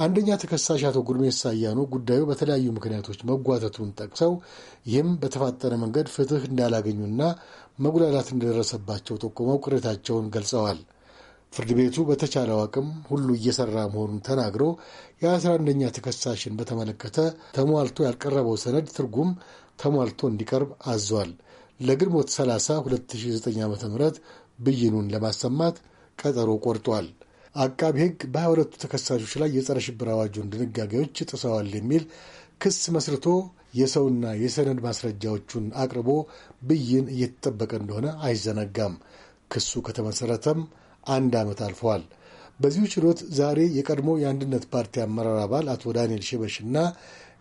አንደኛ ተከሳሽ አቶ ጉርሜሳ አያኖ ጉዳዩ በተለያዩ ምክንያቶች መጓተቱን ጠቅሰው ይህም በተፋጠነ መንገድ ፍትህ እንዳላገኙና መጉላላት እንደደረሰባቸው ጠቁመው ቅሬታቸውን ገልጸዋል። ፍርድ ቤቱ በተቻለው አቅም ሁሉ እየሰራ መሆኑን ተናግሮ የአስራ አንደኛ ተከሳሽን በተመለከተ ተሟልቶ ያልቀረበው ሰነድ ትርጉም ተሟልቶ እንዲቀርብ አዟል። ለግንቦት 30 2009 ዓ ም ብይኑን ለማሰማት ቀጠሮ ቆርጧል። አቃቢ ሕግ በሀያ ሁለቱ ተከሳሾች ላይ የጸረ ሽብር አዋጁን ድንጋጌዎች ጥሰዋል የሚል ክስ መስርቶ የሰውና የሰነድ ማስረጃዎቹን አቅርቦ ብይን እየተጠበቀ እንደሆነ አይዘነጋም። ክሱ ከተመሠረተም አንድ ዓመት አልፈዋል። በዚሁ ችሎት ዛሬ የቀድሞ የአንድነት ፓርቲ አመራር አባል አቶ ዳንኤል ሽበሽና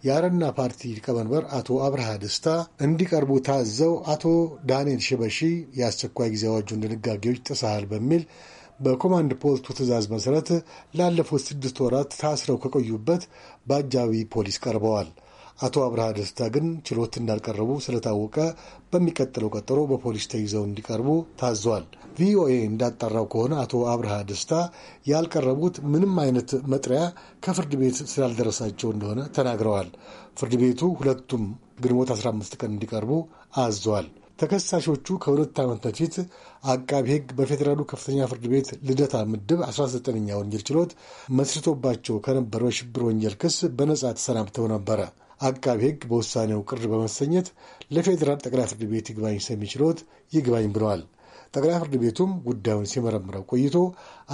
የአረና ፓርቲ ሊቀመንበር አቶ አብርሃ ደስታ እንዲቀርቡ ታዘው አቶ ዳንኤል ሽበሺ የአስቸኳይ ጊዜ አዋጁን ድንጋጌዎች ጥሰሃል በሚል በኮማንድ ፖስቱ ትዕዛዝ መሠረት ላለፉት ስድስት ወራት ታስረው ከቆዩበት በአጃቢ ፖሊስ ቀርበዋል። አቶ አብርሃ ደስታ ግን ችሎት እንዳልቀረቡ ስለታወቀ በሚቀጥለው ቀጠሮ በፖሊስ ተይዘው እንዲቀርቡ ታዟል። ቪኦኤ እንዳጣራው ከሆነ አቶ አብርሃ ደስታ ያልቀረቡት ምንም አይነት መጥሪያ ከፍርድ ቤት ስላልደረሳቸው እንደሆነ ተናግረዋል። ፍርድ ቤቱ ሁለቱም ግንቦት 15 ቀን እንዲቀርቡ አዟል። ተከሳሾቹ ከሁለት ዓመት በፊት አቃቢ ሕግ በፌዴራሉ ከፍተኛ ፍርድ ቤት ልደታ ምድብ 19ኛ ወንጀል ችሎት መስርቶባቸው ከነበረው የሽብር ወንጀል ክስ በነጻ ተሰናብተው ነበረ። አቃቢ ሕግ በውሳኔው ቅር በመሰኘት ለፌዴራል ጠቅላይ ፍርድ ቤት ይግባኝ ሰሚ ችሎት ይግባኝ ብለዋል። ጠቅላይ ፍርድ ቤቱም ጉዳዩን ሲመረምረው ቆይቶ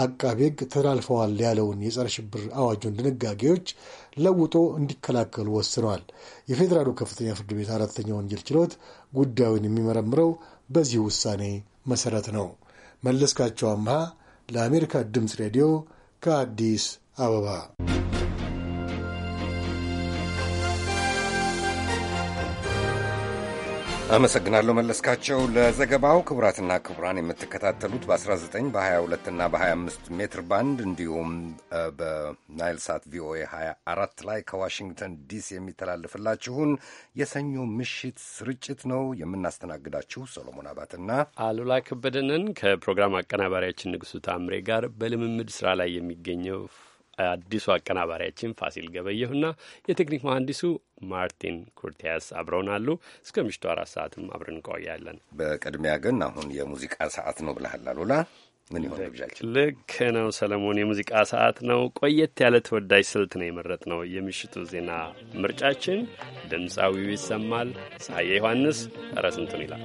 አቃቢ ሕግ ተላልፈዋል ያለውን የጸረ ሽብር አዋጁን ድንጋጌዎች ለውጦ እንዲከላከሉ ወስነዋል። የፌዴራሉ ከፍተኛ ፍርድ ቤት አራተኛ ወንጀል ችሎት ጉዳዩን የሚመረምረው በዚህ ውሳኔ መሰረት ነው። መለስካቸው አምሃ ለአሜሪካ ድምፅ ሬዲዮ ከአዲስ አበባ አመሰግናለሁ መለስካቸው ለዘገባው። ክቡራትና ክቡራን የምትከታተሉት በ19 በ22 እና በ25 ሜትር ባንድ እንዲሁም በናይል ሳት ቪኦኤ 24 ላይ ከዋሽንግተን ዲሲ የሚተላለፍላችሁን የሰኞ ምሽት ስርጭት ነው። የምናስተናግዳችሁ ሰሎሞን አባትና አሉላ ከበደንን ከፕሮግራም አቀናባሪያችን ንጉሱ ታምሬ ጋር በልምምድ ስራ ላይ የሚገኘው አዲሱ አቀናባሪያችን ፋሲል ገበየሁና የቴክኒክ መሐንዲሱ ማርቲን ኩርቲያስ አብረውናሉ። እስከ ምሽቱ አራት ሰዓትም አብረን እንቆያለን። በቅድሚያ ግን አሁን የሙዚቃ ሰዓት ነው ብለሃል አሉላ። ምን ይሆን ግብዣችን? ልክ ነው ሰለሞን፣ የሙዚቃ ሰዓት ነው። ቆየት ያለ ተወዳጅ ስልት ነው የመረጥ ነው የምሽቱ ዜና ምርጫችን። ድምፃዊው ይሰማል ሳየ ዮሐንስ እረ ስንቱን ይላል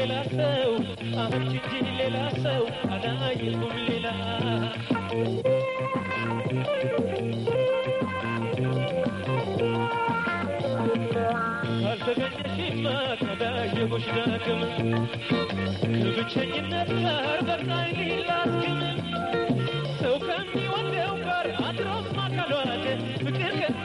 ሌላ ሰው አሁን ሌላ ሰው አላየሁም ሌላ ካልተገኘሽማ ካላየሁሽ ዳግም ከብቸኝነት ጋር በርናይ ላስክም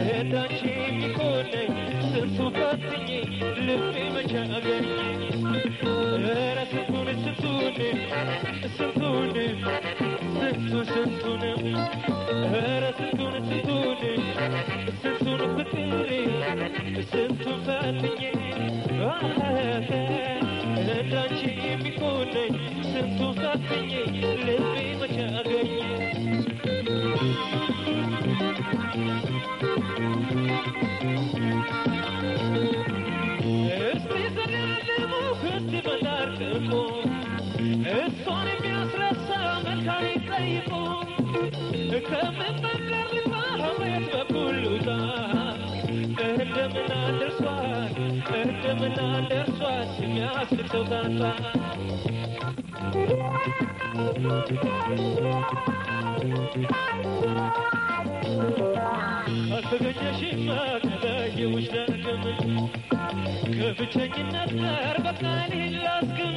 እዳንቺ የሚሆነኝ እርሱ ባትኝ ልቤ መቻለኝ ኧረ ስንቱን ስንቱን ስንቱን ስንቱን ስንቱን ኧረ ስንቱን ስንቱን ስንቱን ፍቅሬ ስንቱን ከብቸኝነት ጋር በቃ እኔን ላስግም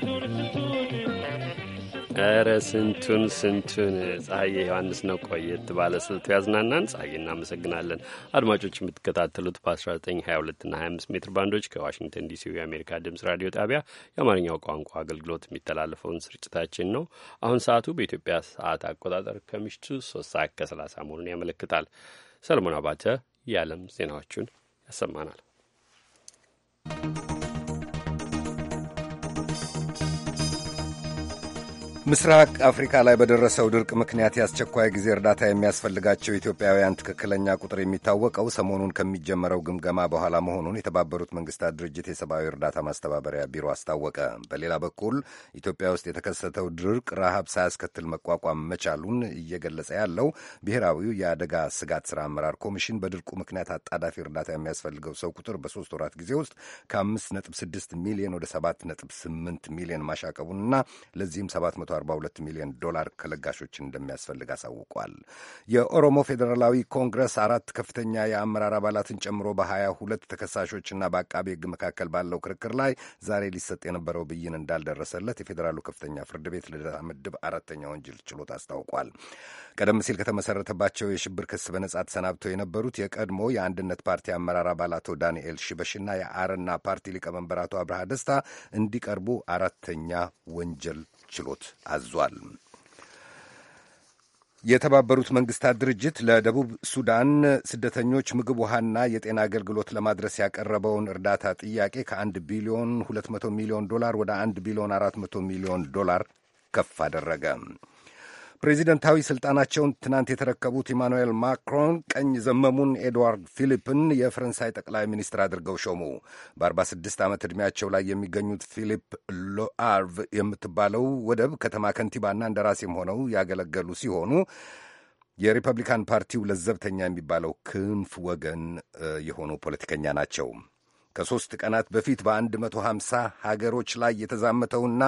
ኧረ ስንቱን ስንቱን ጸሐዬ ዮሐንስ ነው ቆየት ባለ ስልቱ ያዝናናን። ጸሐዬ እናመሰግናለን። አድማጮች የምትከታተሉት በ1922 እና 25 ሜትር ባንዶች ከዋሽንግተን ዲሲ የአሜሪካ ድምጽ ራዲዮ ጣቢያ የአማርኛው ቋንቋ አገልግሎት የሚተላለፈውን ስርጭታችን ነው። አሁን ሰዓቱ በኢትዮጵያ ሰዓት አቆጣጠር ከምሽቱ 3 ሰዓት ከ30 መሆኑን ያመለክታል። ሰለሞን አባተ የዓለም ዜናዎቹን ያሰማናል። ምስራቅ አፍሪካ ላይ በደረሰው ድርቅ ምክንያት የአስቸኳይ ጊዜ እርዳታ የሚያስፈልጋቸው ኢትዮጵያውያን ትክክለኛ ቁጥር የሚታወቀው ሰሞኑን ከሚጀመረው ግምገማ በኋላ መሆኑን የተባበሩት መንግስታት ድርጅት የሰብአዊ እርዳታ ማስተባበሪያ ቢሮ አስታወቀ። በሌላ በኩል ኢትዮጵያ ውስጥ የተከሰተው ድርቅ ረሃብ ሳያስከትል መቋቋም መቻሉን እየገለጸ ያለው ብሔራዊው የአደጋ ስጋት ስራ አመራር ኮሚሽን በድርቁ ምክንያት አጣዳፊ እርዳታ የሚያስፈልገው ሰው ቁጥር በሶስት ወራት ጊዜ ውስጥ ከአምስት ነጥብ ስድስት ሚሊዮን ወደ ሰባት ነጥብ ስምንት ሚሊዮን ማሻቀቡንና ለዚህም ሰባት መቶ 42 ሚሊዮን ዶላር ከለጋሾች እንደሚያስፈልግ አሳውቋል። የኦሮሞ ፌዴራላዊ ኮንግረስ አራት ከፍተኛ የአመራር አባላትን ጨምሮ በሀያ ሁለት ተከሳሾችና በአቃቤ ሕግ መካከል ባለው ክርክር ላይ ዛሬ ሊሰጥ የነበረው ብይን እንዳልደረሰለት የፌዴራሉ ከፍተኛ ፍርድ ቤት ልደታ ምድብ አራተኛ ወንጀል ችሎት አስታውቋል። ቀደም ሲል ከተመሰረተባቸው የሽብር ክስ በነጻ ተሰናብተው የነበሩት የቀድሞ የአንድነት ፓርቲ አመራር አባል አቶ ዳንኤል ሽበሽና የአረና ፓርቲ ሊቀመንበር አቶ አብርሃ ደስታ እንዲቀርቡ አራተኛ ወንጀል ችሎት አዟል። የተባበሩት መንግስታት ድርጅት ለደቡብ ሱዳን ስደተኞች ምግብ፣ ውሃና የጤና አገልግሎት ለማድረስ ያቀረበውን እርዳታ ጥያቄ ከ ከ1 ቢሊዮን 200 ሚሊዮን ዶላር ወደ 1 ቢሊዮን 400 ሚሊዮን ዶላር ከፍ አደረገ። ፕሬዚደንታዊ ስልጣናቸውን ትናንት የተረከቡት ኢማኑኤል ማክሮን ቀኝ ዘመሙን ኤድዋርድ ፊሊፕን የፈረንሳይ ጠቅላይ ሚኒስትር አድርገው ሾሙ። በ46 ዓመት ዕድሜያቸው ላይ የሚገኙት ፊሊፕ ሎአርቭ የምትባለው ወደብ ከተማ ከንቲባና እንደራሴም ሆነው ያገለገሉ ሲሆኑ የሪፐብሊካን ፓርቲው ለዘብተኛ የሚባለው ክንፍ ወገን የሆኑ ፖለቲከኛ ናቸው። ከሦስት ቀናት በፊት በአንድ መቶ ሀምሳ ሀገሮች ላይ የተዛመተውና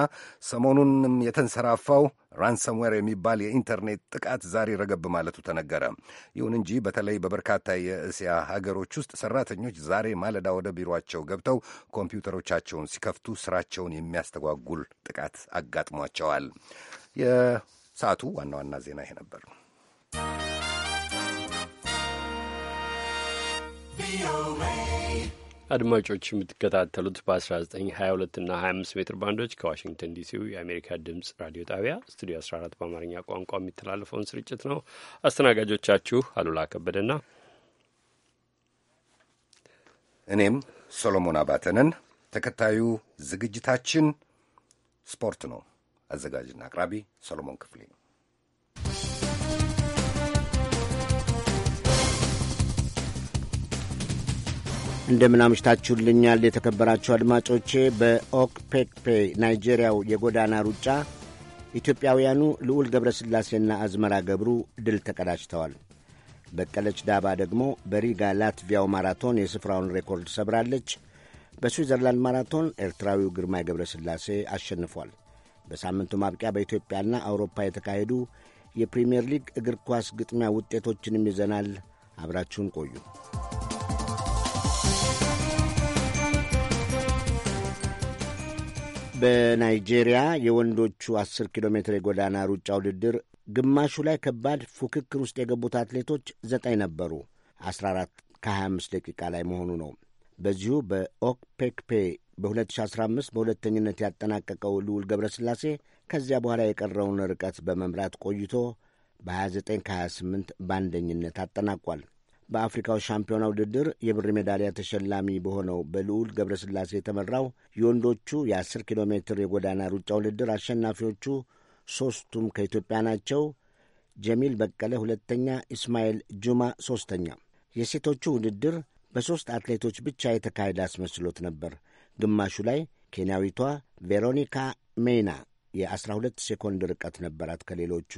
ሰሞኑንም የተንሰራፋው ራንሰምዌር የሚባል የኢንተርኔት ጥቃት ዛሬ ረገብ ማለቱ ተነገረ። ይሁን እንጂ በተለይ በበርካታ የእስያ ሀገሮች ውስጥ ሰራተኞች ዛሬ ማለዳ ወደ ቢሮቸው ገብተው ኮምፒውተሮቻቸውን ሲከፍቱ ስራቸውን የሚያስተጓጉል ጥቃት አጋጥሟቸዋል። የሰዓቱ ዋና ዋና ዜና ይሄ ነበር። አድማጮች የምትከታተሉት በ1922 እና 25 ሜትር ባንዶች ከዋሽንግተን ዲሲው የአሜሪካ ድምፅ ራዲዮ ጣቢያ ስቱዲዮ 14 በአማርኛ ቋንቋ የሚተላለፈውን ስርጭት ነው። አስተናጋጆቻችሁ አሉላ ከበደና እኔም ሶሎሞን አባተንን። ተከታዩ ዝግጅታችን ስፖርት ነው። አዘጋጅና አቅራቢ ሶሎሞን ክፍሌ ነው። እንደምን አምሽታችሁልኛል የተከበራችሁ አድማጮቼ። በኦክፔክፔ ናይጄሪያው የጎዳና ሩጫ ኢትዮጵያውያኑ ልዑል ሥላሴና አዝመራ ገብሩ ድል ተቀዳጅተዋል። በቀለች ዳባ ደግሞ በሪጋ ላትቪያው ማራቶን የስፍራውን ሬኮርድ ሰብራለች። በስዊዘርላንድ ማራቶን ኤርትራዊው ግርማይ ገብረስላሴ አሸንፏል። በሳምንቱ ማብቂያ በኢትዮጵያና አውሮፓ የተካሄዱ የፕሪምየር ሊግ እግር ኳስ ግጥሚያ ውጤቶችንም ይዘናል። አብራችሁን ቆዩ። በናይጄሪያ የወንዶቹ 10 ኪሎ ሜትር የጎዳና ሩጫ ውድድር ግማሹ ላይ ከባድ ፉክክር ውስጥ የገቡት አትሌቶች ዘጠኝ ነበሩ። 14 ከ25 ደቂቃ ላይ መሆኑ ነው። በዚሁ በኦክፔክፔ በ2015 በሁለተኝነት ያጠናቀቀው ልዑል ገብረስላሴ ከዚያ በኋላ የቀረውን ርቀት በመምራት ቆይቶ በ29 ከ28 በአንደኝነት አጠናቋል። በአፍሪካው ሻምፒዮና ውድድር የብር ሜዳሊያ ተሸላሚ በሆነው በልዑል ገብረስላሴ የተመራው የወንዶቹ የ10 ኪሎ ሜትር የጎዳና ሩጫ ውድድር አሸናፊዎቹ ሦስቱም ከኢትዮጵያ ናቸው። ጀሚል በቀለ ሁለተኛ፣ ኢስማኤል ጁማ ሦስተኛ። የሴቶቹ ውድድር በሦስት አትሌቶች ብቻ የተካሄደ አስመስሎት ነበር። ግማሹ ላይ ኬንያዊቷ ቬሮኒካ ሜና የ12 ሴኮንድ ርቀት ነበራት ከሌሎቹ።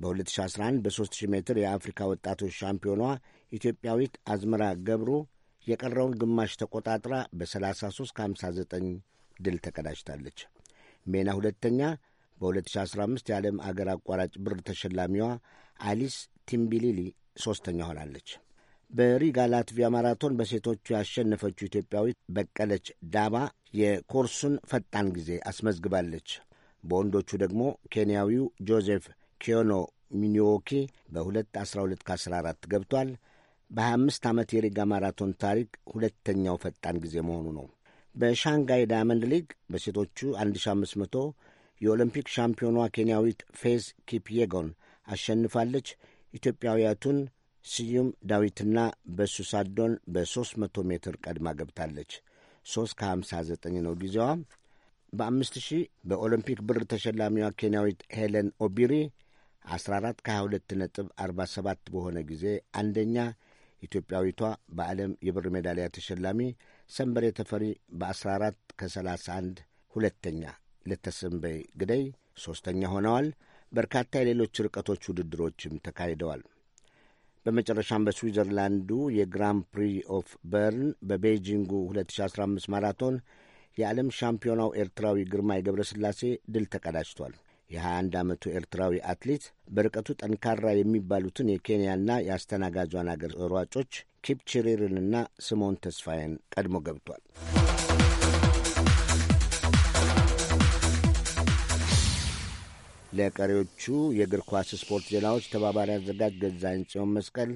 በ2011 በ3000 ሜትር የአፍሪካ ወጣቶች ሻምፒዮኗ ኢትዮጵያዊት አዝመራ ገብሩ የቀረውን ግማሽ ተቆጣጥራ በ33 59 ድል ተቀዳጅታለች። ሜና ሁለተኛ፣ በ2015 የዓለም አገር አቋራጭ ብር ተሸላሚዋ አሊስ ቲምቢሊሊ ሦስተኛ ሆናለች። በሪጋ ላትቪያ ማራቶን በሴቶቹ ያሸነፈችው ኢትዮጵያዊት በቀለች ዳባ የኮርሱን ፈጣን ጊዜ አስመዝግባለች። በወንዶቹ ደግሞ ኬንያዊው ጆዜፍ ኪዮኖ ሚኒዎኪ በ 12 ከ14 ገብቷል። በ25 ዓመት የሪጋ ማራቶን ታሪክ ሁለተኛው ፈጣን ጊዜ መሆኑ ነው። በሻንጋይ ዳያመንድ ሊግ በሴቶቹ 1500 የኦሎምፒክ ሻምፒዮኗ ኬንያዊት ፌዝ ኪፕየጎን አሸንፋለች። ኢትዮጵያውያቱን ስዩም ዳዊትና በሱ ሳዶን በ300 ሜትር ቀድማ ገብታለች። 3 ከ59 ነው ጊዜዋ። በ5000 በኦሎምፒክ ብር ተሸላሚዋ ኬንያዊት ሄለን ኦቢሪ 14 ከ22 ነጥብ 47 በሆነ ጊዜ አንደኛ ኢትዮጵያዊቷ በዓለም የብር ሜዳሊያ ተሸላሚ ሰንበሬ ተፈሪ በ14 ከ31 ሁለተኛ፣ ለተስንበይ ግደይ ሦስተኛ ሆነዋል። በርካታ የሌሎች ርቀቶች ውድድሮችም ተካሂደዋል። በመጨረሻም በስዊዘርላንዱ የግራን ፕሪ ኦፍ በርን በቤይጂንጉ 2015 ማራቶን የዓለም ሻምፒዮናው ኤርትራዊ ግርማይ ገብረ ስላሴ ድል ተቀዳጅቷል። የ21 ዓመቱ ኤርትራዊ አትሌት በርቀቱ ጠንካራ የሚባሉትን የኬንያና የአስተናጋጇን አገር ሯጮች ኪፕችሪርንና ስሞን ተስፋዬን ቀድሞ ገብቷል። ለቀሪዎቹ የእግር ኳስ ስፖርት ዜናዎች ተባባሪ አዘጋጅ ገዛኝ ጽዮን መስቀል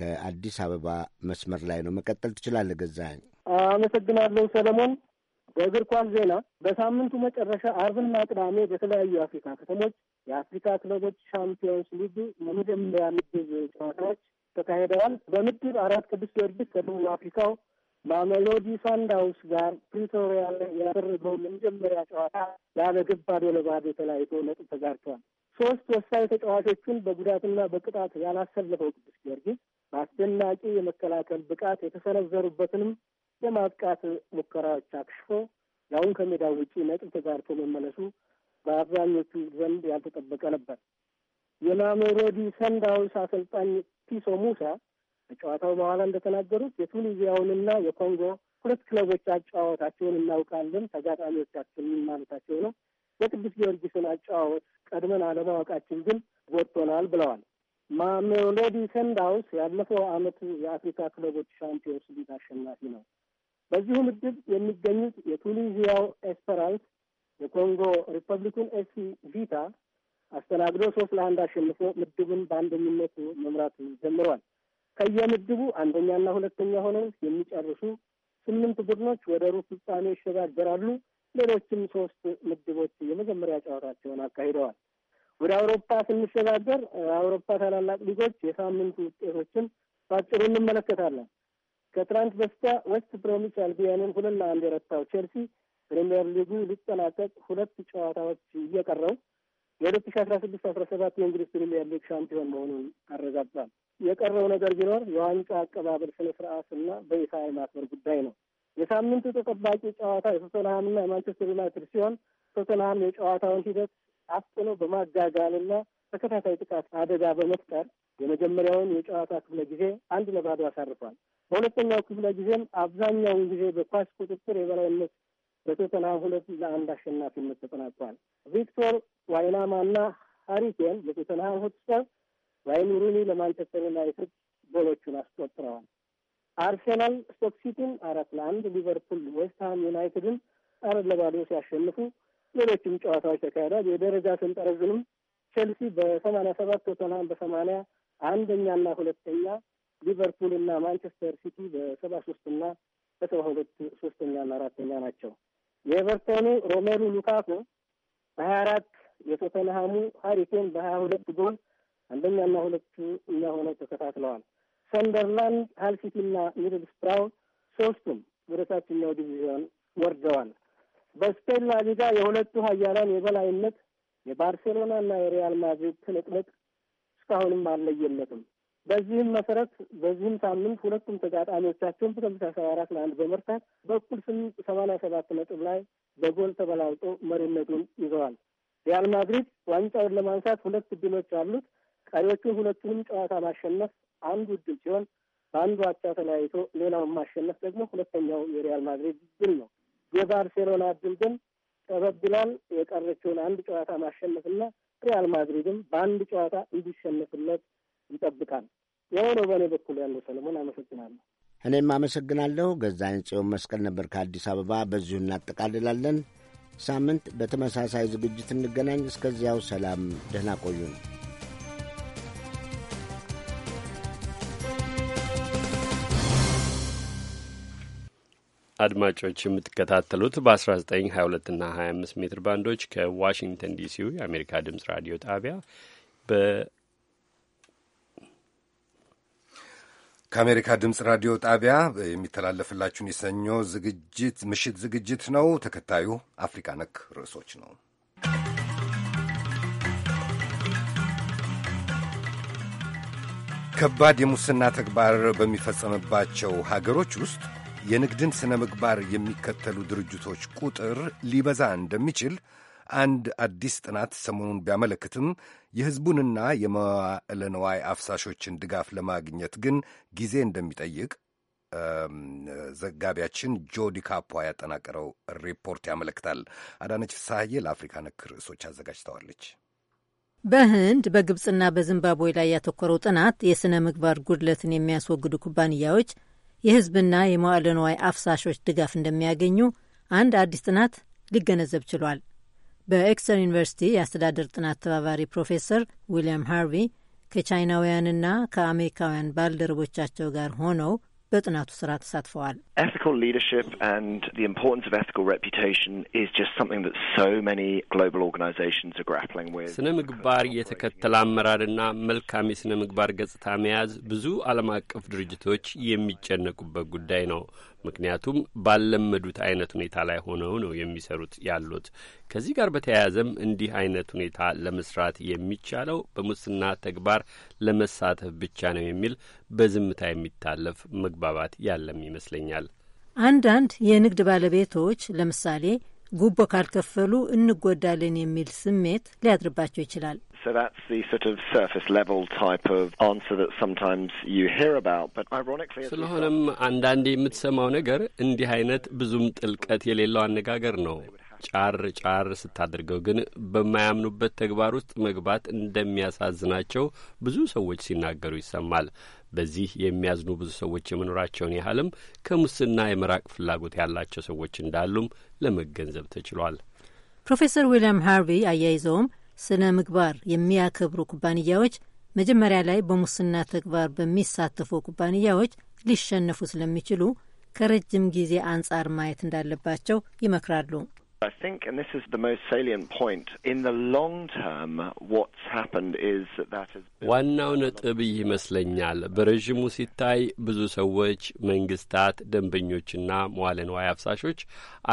ከአዲስ አበባ መስመር ላይ ነው። መቀጠል ትችላለህ ገዛኝ። አመሰግናለሁ ሰለሞን። በእግር ኳስ ዜና በሳምንቱ መጨረሻ አርብና ቅዳሜ በተለያዩ የአፍሪካ ከተሞች የአፍሪካ ክለቦች ሻምፒዮንስ ሊግ የመጀመሪያ ምድብ ጨዋታዎች ተካሂደዋል። በምድብ አራት ቅዱስ ጊዮርጊስ ከደቡብ አፍሪካው ማሜሎዲ ሳንዳውስ ጋር ፕሪቶሪያ ላይ ያደረገው የመጀመሪያ ጨዋታ ያለ ግብ ባዶ ለባዶ ተለያይቶ ነጥብ ተጋርተዋል። ሶስት ወሳኝ ተጫዋቾቹን በጉዳትና በቅጣት ያላሰለፈው ቅዱስ ጊዮርጊስ በአስደናቂ የመከላከል ብቃት የተሰነዘሩበትንም የማጥቃት ሙከራዎች አክሽፎ ያሁን ከሜዳው ውጪ ነጥብ ተጋርቶ መመለሱ በአብዛኞቹ ዘንድ ያልተጠበቀ ነበር። የማሜሎዲ ሰንዳውንስ አሰልጣኝ ፒሶ ሙሳ ከጨዋታው በኋላ እንደተናገሩት የቱኒዚያውንና የኮንጎ ሁለት ክለቦች አጫዋታቸውን እናውቃለን፣ ተጋጣሚዎቻችን ማለታቸው ነው። የቅዱስ ጊዮርጊስን አጫዋወት ቀድመን አለማወቃችን ግን ጎድቶናል ብለዋል። ማሜሎዲ ሰንዳውስ ያለፈው ዓመት የአፍሪካ ክለቦች ሻምፒዮንስ ሊግ አሸናፊ ነው። በዚሁ ምድብ የሚገኙት የቱኒዚያው ኤስፐራንስ የኮንጎ ሪፐብሊኩን ኤሲ ቪታ አስተናግዶ ሶስት ለአንድ አሸንፎ ምድቡን በአንደኝነት መምራት ጀምሯል። ከየምድቡ አንደኛና ሁለተኛ ሆነው የሚጨርሱ ስምንት ቡድኖች ወደ ሩብ ፍጻሜ ይሸጋገራሉ። ሌሎችም ሶስት ምድቦች የመጀመሪያ ጨዋታቸውን አካሂደዋል። ወደ አውሮፓ ስንሸጋገር አውሮፓ ታላላቅ ሊጎች የሳምንቱ ውጤቶችን በአጭሩ እንመለከታለን። ከትናንት በስቲያ ዌስት ብሮሚች አልቢያንን ሁለት ለአንድ የረታው ቼልሲ ፕሪምየር ሊጉ ሊጠናቀቅ ሁለት ጨዋታዎች እየቀረው የሁለት ሺ አስራ ስድስት አስራ ሰባት የእንግሊዝ ፕሪምየር ሊግ ሻምፒዮን መሆኑን አረጋግጧል። የቀረው ነገር ቢኖር የዋንጫ አቀባበል ስነ ስርዓት እና በይፋ የማክበር ጉዳይ ነው። የሳምንቱ ተጠባቂ ጨዋታ የቶተንሃምና የማንቸስተር ዩናይትድ ሲሆን ቶተንሃም የጨዋታውን ሂደት አፍጥኖ በማጋጋልና ተከታታይ ጥቃት አደጋ በመፍጠር የመጀመሪያውን የጨዋታ ክፍለ ጊዜ አንድ ለባዶ አሳርፏል። በሁለተኛው ክፍለ ጊዜም አብዛኛውን ጊዜ በኳስ ቁጥጥር የበላይነት በቶተንሃም ሁለት ለአንድ አሸናፊነት ተጠናቋል። ቪክቶር ዋይናማና ሃሪኬን ለቶተንሃም ሆትስፐር፣ ዋይን ሩኒ ለማንቸስተር ዩናይትድ ጎሎቹን አስቆጥረዋል። አርሴናል ስቶክ ሲቲን አራት ለአንድ፣ ሊቨርፑል ዌስትሃም ዩናይትድን አራት ለባዶ ሲያሸንፉ ሌሎችም ጨዋታዎች ተካሂደዋል። የደረጃ ስንጠረዝንም ቼልሲ በሰማንያ ሰባት ቶተንሃም በሰማንያ አንደኛና ሁለተኛ ሊቨርፑል እና ማንቸስተር ሲቲ በሰባ ሶስት እና በሰባ ሁለት ሶስተኛ እና አራተኛ ናቸው። የኤቨርቶኑ ሮሜሉ ሉካኩ በሀያ አራት የቶተንሃሙ ሀሪኬን በሀያ ሁለት ጎል አንደኛና እኛ ሆነው ተከታትለዋል። ሰንደርላንድ ሃል ሲቲ እና ሚድልስብራው ሶስቱም ወደ ታችኛው ዲቪዥን ወርደዋል። በስፔን ላሊጋ የሁለቱ ሀያላን የበላይነት የባርሴሎና እና የሪያል ማድሪድ ትንቅንቅ እስካሁንም አለየለትም። በዚህም መሰረት በዚህም ሳምንት ሁለቱም ተጋጣሚዎቻቸውን በተመሳሳይ አራት ለአንድ በመርታት በኩል ስምንት ሰማንያ ሰባት ነጥብ ላይ በጎል ተበላልጦ መሪነቱን ይዘዋል። ሪያል ማድሪድ ዋንጫውን ለማንሳት ሁለት እድሎች አሉት። ቀሪዎቹን ሁለቱንም ጨዋታ ማሸነፍ አንዱ እድል ሲሆን በአንዱ አቻ ተለያይቶ ሌላውን ማሸነፍ ደግሞ ሁለተኛው የሪያል ማድሪድ እድል ነው። የባርሴሎና እድል ግን ጠበብ የቀረችውን አንድ ጨዋታ ማሸነፍና ሪያል ማድሪድም በአንድ ጨዋታ እንዲሸነፍለት ይጠብቃል። የሆነው በእኔ በኩል ያለው ሰለሞን፣ አመሰግናለሁ። እኔም አመሰግናለሁ። ገዛኝ ጽዮን መስቀል ነበር ከአዲስ አበባ። በዚሁ እናጠቃልላለን። ሳምንት በተመሳሳይ ዝግጅት እንገናኝ። እስከዚያው ሰላም፣ ደህና ቆዩን። አድማጮች የምትከታተሉት በ1922 እና 25 ሜትር ባንዶች ከዋሽንግተን ዲሲው የአሜሪካ ድምፅ ራዲዮ ጣቢያ ከአሜሪካ ድምፅ ራዲዮ ጣቢያ የሚተላለፍላችሁን የሰኞ ዝግጅት ምሽት ዝግጅት ነው። ተከታዩ አፍሪካ ነክ ርዕሶች ነው። ከባድ የሙስና ተግባር በሚፈጸምባቸው ሀገሮች ውስጥ የንግድን ሥነ ምግባር የሚከተሉ ድርጅቶች ቁጥር ሊበዛ እንደሚችል አንድ አዲስ ጥናት ሰሞኑን ቢያመለክትም የሕዝቡንና የመዋዕለ ነዋይ አፍሳሾችን ድጋፍ ለማግኘት ግን ጊዜ እንደሚጠይቅ ዘጋቢያችን ጆ ዲካፖ ያጠናቀረው ሪፖርት ያመለክታል። አዳነች ፍስሐዬ ለአፍሪካ ነክ ርዕሶች አዘጋጅተዋለች። በህንድ በግብፅና በዚምባብዌ ላይ ያተኮረው ጥናት የሥነ ምግባር ጉድለትን የሚያስወግዱ ኩባንያዎች የሕዝብና የመዋዕለ አፍሳሾች ድጋፍ እንደሚያገኙ አንድ አዲስ ጥናት ሊገነዘብ ችሏል። በኤክስተር ዩኒቨርሲቲ የአስተዳደር ጥናት ተባባሪ ፕሮፌሰር ዊልያም ሃርቪ ከቻይናውያንና ከአሜሪካውያን ባልደረቦቻቸው ጋር ሆነው በጥናቱ ስራ ተሳትፈዋል። ስነ ምግባር የተከተለ አመራርና መልካም የስነ ምግባር ገጽታ መያዝ ብዙ ዓለም አቀፍ ድርጅቶች የሚጨነቁበት ጉዳይ ነው። ምክንያቱም ባልለመዱት አይነት ሁኔታ ላይ ሆነው ነው የሚሰሩት ያሉት። ከዚህ ጋር በተያያዘም እንዲህ አይነት ሁኔታ ለመስራት የሚቻለው በሙስና ተግባር ለመሳተፍ ብቻ ነው የሚል በዝምታ የሚታለፍ መግባባት ያለም ይመስለኛል። አንዳንድ የንግድ ባለቤቶች ለምሳሌ ጉቦ ካልከፈሉ እንጎዳለን የሚል ስሜት ሊያድርባቸው ይችላል። So that's the sort of surface level type of answer that sometimes you hear about. But ironically, ስለሆነም አንዳንዴ የምትሰማው ነገር እንዲህ አይነት ብዙም ጥልቀት የሌለው አነጋገር ነው። ጫር ጫር ስታደርገው ግን በማያምኑበት ተግባር ውስጥ መግባት እንደሚያሳዝናቸው ብዙ ሰዎች ሲናገሩ ይሰማል። በዚህ የሚያዝኑ ብዙ ሰዎች የመኖራቸውን ያህልም ከሙስና የመራቅ ፍላጎት ያላቸው ሰዎች እንዳሉም ለመገንዘብ ተችሏል። ፕሮፌሰር ዊልያም ሃርቪ አያይዘውም ስነ ምግባር የሚያከብሩ ኩባንያዎች መጀመሪያ ላይ በሙስና ተግባር በሚሳተፉ ኩባንያዎች ሊሸነፉ ስለሚችሉ ከረጅም ጊዜ አንጻር ማየት እንዳለባቸው ይመክራሉ። I think, and this is the most salient point, in the long term what's happened is that has ዋናው ነጥብ ይህ ይመስለኛል። በረዥሙ ሲታይ ብዙ ሰዎች፣ መንግስታት፣ ደንበኞችና መዋለ ንዋይ አፍሳሾች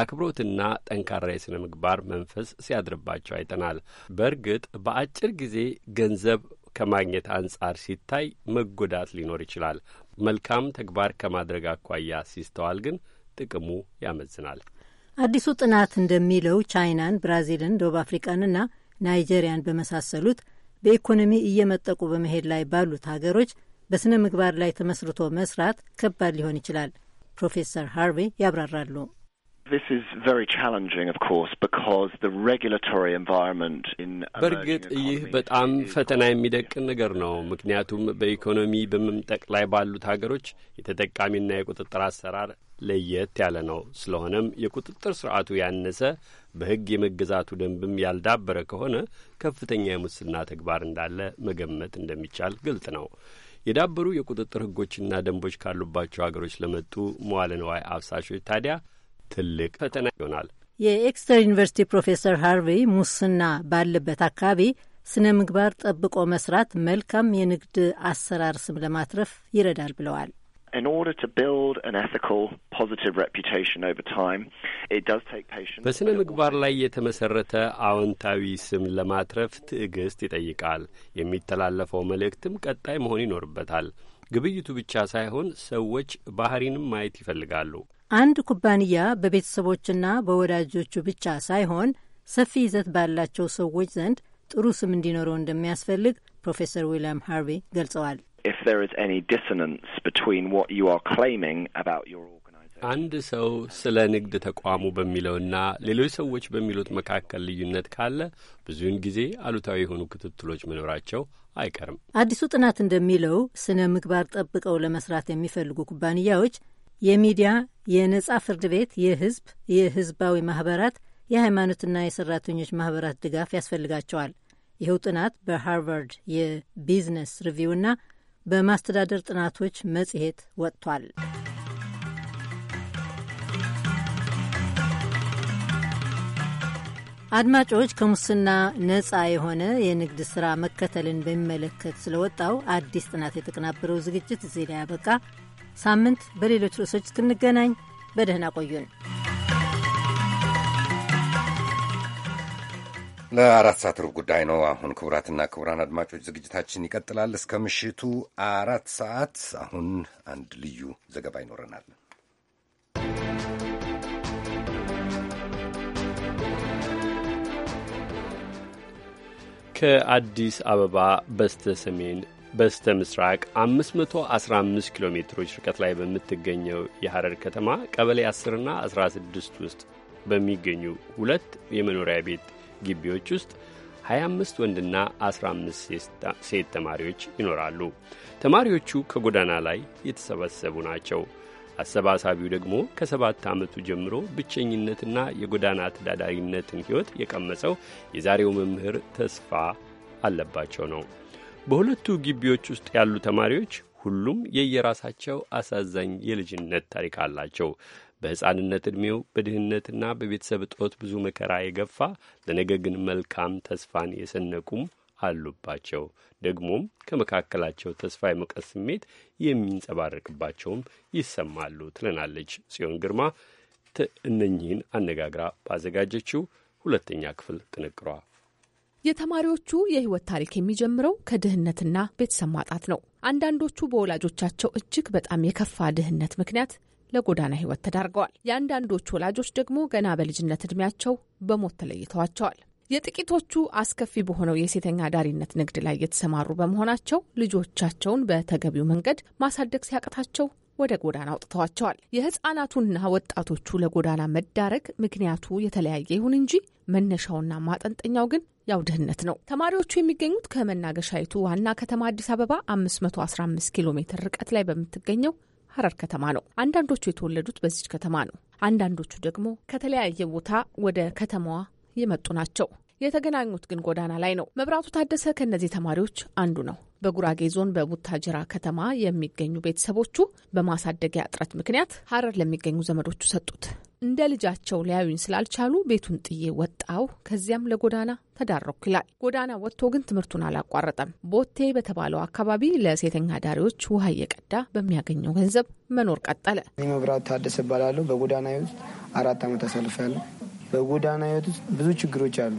አክብሮትና ጠንካራ የሥነ ምግባር መንፈስ ሲያድርባቸው አይተናል። በእርግጥ በአጭር ጊዜ ገንዘብ ከማግኘት አንጻር ሲታይ መጎዳት ሊኖር ይችላል። መልካም ተግባር ከማድረግ አኳያ ሲስተዋል ግን ጥቅሙ ያመዝናል። አዲሱ ጥናት እንደሚለው ቻይናን፣ ብራዚልን፣ ደቡብ አፍሪቃንና ናይጄሪያን በመሳሰሉት በኢኮኖሚ እየመጠቁ በመሄድ ላይ ባሉት ሀገሮች በሥነ ምግባር ላይ ተመስርቶ መስራት ከባድ ሊሆን ይችላል። ፕሮፌሰር ሃርቬ ያብራራሉ። በእርግጥ ይህ በጣም ፈተና የሚደቅን ነገር ነው። ምክንያቱም በኢኮኖሚ በመምጠቅ ላይ ባሉት ሀገሮች የተጠቃሚና የቁጥጥር አሰራር ለየት ያለ ነው። ስለሆነም የቁጥጥር ስርዓቱ ያነሰ በሕግ የመገዛቱ ደንብም ያልዳበረ ከሆነ ከፍተኛ የሙስና ተግባር እንዳለ መገመት እንደሚቻል ግልጽ ነው። የዳበሩ የቁጥጥር ሕጎችና ደንቦች ካሉባቸው ሀገሮች ለመጡ መዋለ ንዋይ አፍሳሾች ታዲያ ትልቅ ፈተና ይሆናል። የኤክስተር ዩኒቨርሲቲ ፕሮፌሰር ሃርቬይ ሙስና ባለበት አካባቢ ስነ ምግባር ጠብቆ መስራት መልካም የንግድ አሰራር ስም ለማትረፍ ይረዳል ብለዋል። in order to build an ethical positive reputation over time, it does take patience. በስነ ምግባር ላይ የተመሰረተ አዎንታዊ ስም ለማትረፍ ትዕግስት ይጠይቃል። የሚተላለፈው መልእክትም ቀጣይ መሆን ይኖርበታል። ግብይቱ ብቻ ሳይሆን ሰዎች ባህሪንም ማየት ይፈልጋሉ። አንድ ኩባንያ በቤተሰቦችና በወዳጆቹ ብቻ ሳይሆን ሰፊ ይዘት ባላቸው ሰዎች ዘንድ ጥሩ ስም እንዲኖረው እንደሚያስፈልግ ፕሮፌሰር ዊልያም ሃርቪ ገልጸዋል። if there is any dissonance between what you are claiming about your አንድ ሰው ስለ ንግድ ተቋሙ በሚለውና ሌሎች ሰዎች በሚሉት መካከል ልዩነት ካለ ብዙውን ጊዜ አሉታዊ የሆኑ ክትትሎች መኖራቸው አይቀርም። አዲሱ ጥናት እንደሚለው ስነ ምግባር ጠብቀው ለመስራት የሚፈልጉ ኩባንያዎች የሚዲያ፣ የነጻ ፍርድ ቤት፣ የህዝብ፣ የህዝባዊ ማህበራት፣ የሃይማኖትና የሰራተኞች ማህበራት ድጋፍ ያስፈልጋቸዋል። ይኸው ጥናት በሃርቫርድ የቢዝነስ ሪቪውና በማስተዳደር ጥናቶች መጽሔት ወጥቷል። አድማጮች፣ ከሙስና ነጻ የሆነ የንግድ ሥራ መከተልን በሚመለከት ስለወጣው አዲስ ጥናት የተቀናበረው ዝግጅት እዚህ ላይ ያበቃ። ሳምንት በሌሎች ርዕሶች እስክንገናኝ በደህና ቆዩን። ለአራት ሰዓት ሩብ ጉዳይ ነው። አሁን ክቡራትና ክቡራን አድማጮች ዝግጅታችን ይቀጥላል እስከ ምሽቱ አራት ሰዓት። አሁን አንድ ልዩ ዘገባ ይኖረናል። ከአዲስ አበባ በስተ ሰሜን በስተ ምስራቅ 515 ኪሎ ሜትሮች ርቀት ላይ በምትገኘው የሐረር ከተማ ቀበሌ 10ና 16 ውስጥ በሚገኙ ሁለት የመኖሪያ ቤት ግቢዎች ውስጥ 25 ወንድና 15 ሴት ተማሪዎች ይኖራሉ። ተማሪዎቹ ከጎዳና ላይ የተሰበሰቡ ናቸው። አሰባሳቢው ደግሞ ከሰባት ዓመቱ ጀምሮ ብቸኝነትና የጎዳና ተዳዳሪነትን ሕይወት የቀመሰው የዛሬው መምህር ተስፋ አለባቸው ነው። በሁለቱ ግቢዎች ውስጥ ያሉ ተማሪዎች ሁሉም የየራሳቸው አሳዛኝ የልጅነት ታሪክ አላቸው። በሕፃንነት ዕድሜው በድህነትና በቤተሰብ እጦት ብዙ መከራ የገፋ ለነገ ግን መልካም ተስፋን የሰነቁም አሉባቸው። ደግሞም ከመካከላቸው ተስፋ የመቀስ ስሜት የሚንጸባረቅባቸውም ይሰማሉ ትለናለች ጽዮን ግርማ እነኚህን አነጋግራ ባዘጋጀችው ሁለተኛ ክፍል ጥንቅሯ። የተማሪዎቹ የህይወት ታሪክ የሚጀምረው ከድህነትና ቤተሰብ ማጣት ነው። አንዳንዶቹ በወላጆቻቸው እጅግ በጣም የከፋ ድህነት ምክንያት ለጎዳና ህይወት ተዳርገዋል። የአንዳንዶቹ ወላጆች ደግሞ ገና በልጅነት እድሜያቸው በሞት ተለይተዋቸዋል። የጥቂቶቹ አስከፊ በሆነው የሴተኛ አዳሪነት ንግድ ላይ የተሰማሩ በመሆናቸው ልጆቻቸውን በተገቢው መንገድ ማሳደግ ሲያቅታቸው ወደ ጎዳና አውጥተዋቸዋል። የህጻናቱና ወጣቶቹ ለጎዳና መዳረግ ምክንያቱ የተለያየ ይሁን እንጂ መነሻውና ማጠንጠኛው ግን ያው ድህነት ነው። ተማሪዎቹ የሚገኙት ከመናገሻይቱ ዋና ከተማ አዲስ አበባ 515 ኪሎ ሜትር ርቀት ላይ በምትገኘው ሀረር ከተማ ነው። አንዳንዶቹ የተወለዱት በዚች ከተማ ነው። አንዳንዶቹ ደግሞ ከተለያየ ቦታ ወደ ከተማዋ የመጡ ናቸው። የተገናኙት ግን ጎዳና ላይ ነው። መብራቱ ታደሰ ከእነዚህ ተማሪዎች አንዱ ነው። በጉራጌ ዞን በቡታጅራ ከተማ የሚገኙ ቤተሰቦቹ በማሳደጊያ እጥረት ምክንያት ሀረር ለሚገኙ ዘመዶቹ ሰጡት። እንደ ልጃቸው ሊያዩኝ ስላልቻሉ ቤቱን ጥዬ ወጣው። ከዚያም ለጎዳና ተዳረኩ ይላል። ጎዳና ወጥቶ ግን ትምህርቱን አላቋረጠም። ቦቴ በተባለው አካባቢ ለሴተኛ ዳሪዎች ውሃ እየቀዳ በሚያገኘው ገንዘብ መኖር ቀጠለ። እኔ መብራት ታደሰ እባላለሁ። በጎዳና ውስጥ አራት ዓመት አሳልፌያለሁ። በጎዳና ህይወት ውስጥ ብዙ ችግሮች አሉ።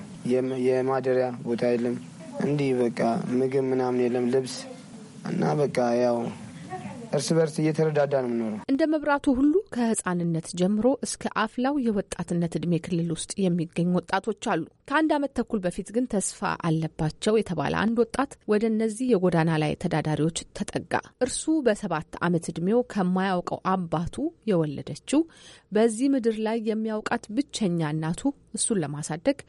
የማደሪያ ቦታ የለም። እንዲህ በቃ ምግብ ምናምን የለም ልብስ እና በቃ ያው እርስ በርስ እየተረዳዳ ነው የምኖረው። እንደ መብራቱ ሁሉ ከህፃንነት ጀምሮ እስከ አፍላው የወጣትነት እድሜ ክልል ውስጥ የሚገኙ ወጣቶች አሉ። ከአንድ ዓመት ተኩል በፊት ግን ተስፋ አለባቸው የተባለ አንድ ወጣት ወደ እነዚህ የጎዳና ላይ ተዳዳሪዎች ተጠጋ። እርሱ በሰባት ዓመት እድሜው ከማያውቀው አባቱ የወለደችው በዚህ ምድር ላይ የሚያውቃት ብቸኛ እናቱ እሱን ለማሳደግ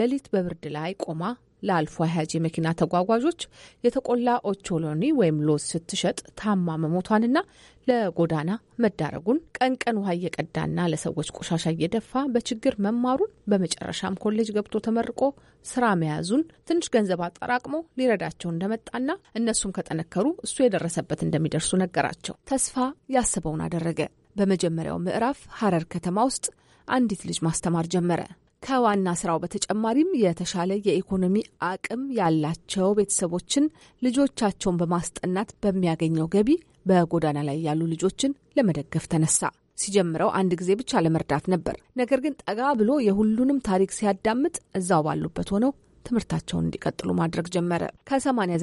ሌሊት በብርድ ላይ ቆማ ለአልፎ አህያጅ መኪና ተጓጓዦች የተቆላ ኦቾሎኒ ወይም ሎዝ ስትሸጥ ታማ መሞቷንና ለጎዳና መዳረጉን ቀን ቀን ውሃ እየቀዳና ለሰዎች ቆሻሻ እየደፋ በችግር መማሩን በመጨረሻም ኮሌጅ ገብቶ ተመርቆ ስራ መያዙን ትንሽ ገንዘብ አጠራቅሞ ሊረዳቸው እንደመጣና እነሱም ከጠነከሩ እሱ የደረሰበት እንደሚደርሱ ነገራቸው። ተስፋ ያስበውን አደረገ። በመጀመሪያው ምዕራፍ ሀረር ከተማ ውስጥ አንዲት ልጅ ማስተማር ጀመረ። ከዋና ስራው በተጨማሪም የተሻለ የኢኮኖሚ አቅም ያላቸው ቤተሰቦችን ልጆቻቸውን በማስጠናት በሚያገኘው ገቢ በጎዳና ላይ ያሉ ልጆችን ለመደገፍ ተነሳ። ሲጀምረው አንድ ጊዜ ብቻ ለመርዳት ነበር። ነገር ግን ጠጋ ብሎ የሁሉንም ታሪክ ሲያዳምጥ እዛው ባሉበት ሆነው ትምህርታቸውን እንዲቀጥሉ ማድረግ ጀመረ።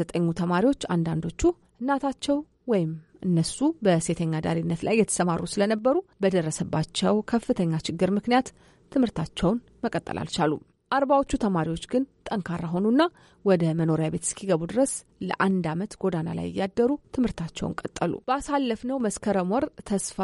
ዘጠኙ ተማሪዎች አንዳንዶቹ እናታቸው ወይም እነሱ በሴተኛ ዳሪነት ላይ የተሰማሩ ስለነበሩ በደረሰባቸው ከፍተኛ ችግር ምክንያት ትምህርታቸውን መቀጠል አልቻሉም። አርባዎቹ ተማሪዎች ግን ጠንካራ ሆኑና ወደ መኖሪያ ቤት እስኪገቡ ድረስ ለአንድ ዓመት ጎዳና ላይ እያደሩ ትምህርታቸውን ቀጠሉ። ባሳለፍነው መስከረም ወር ተስፋ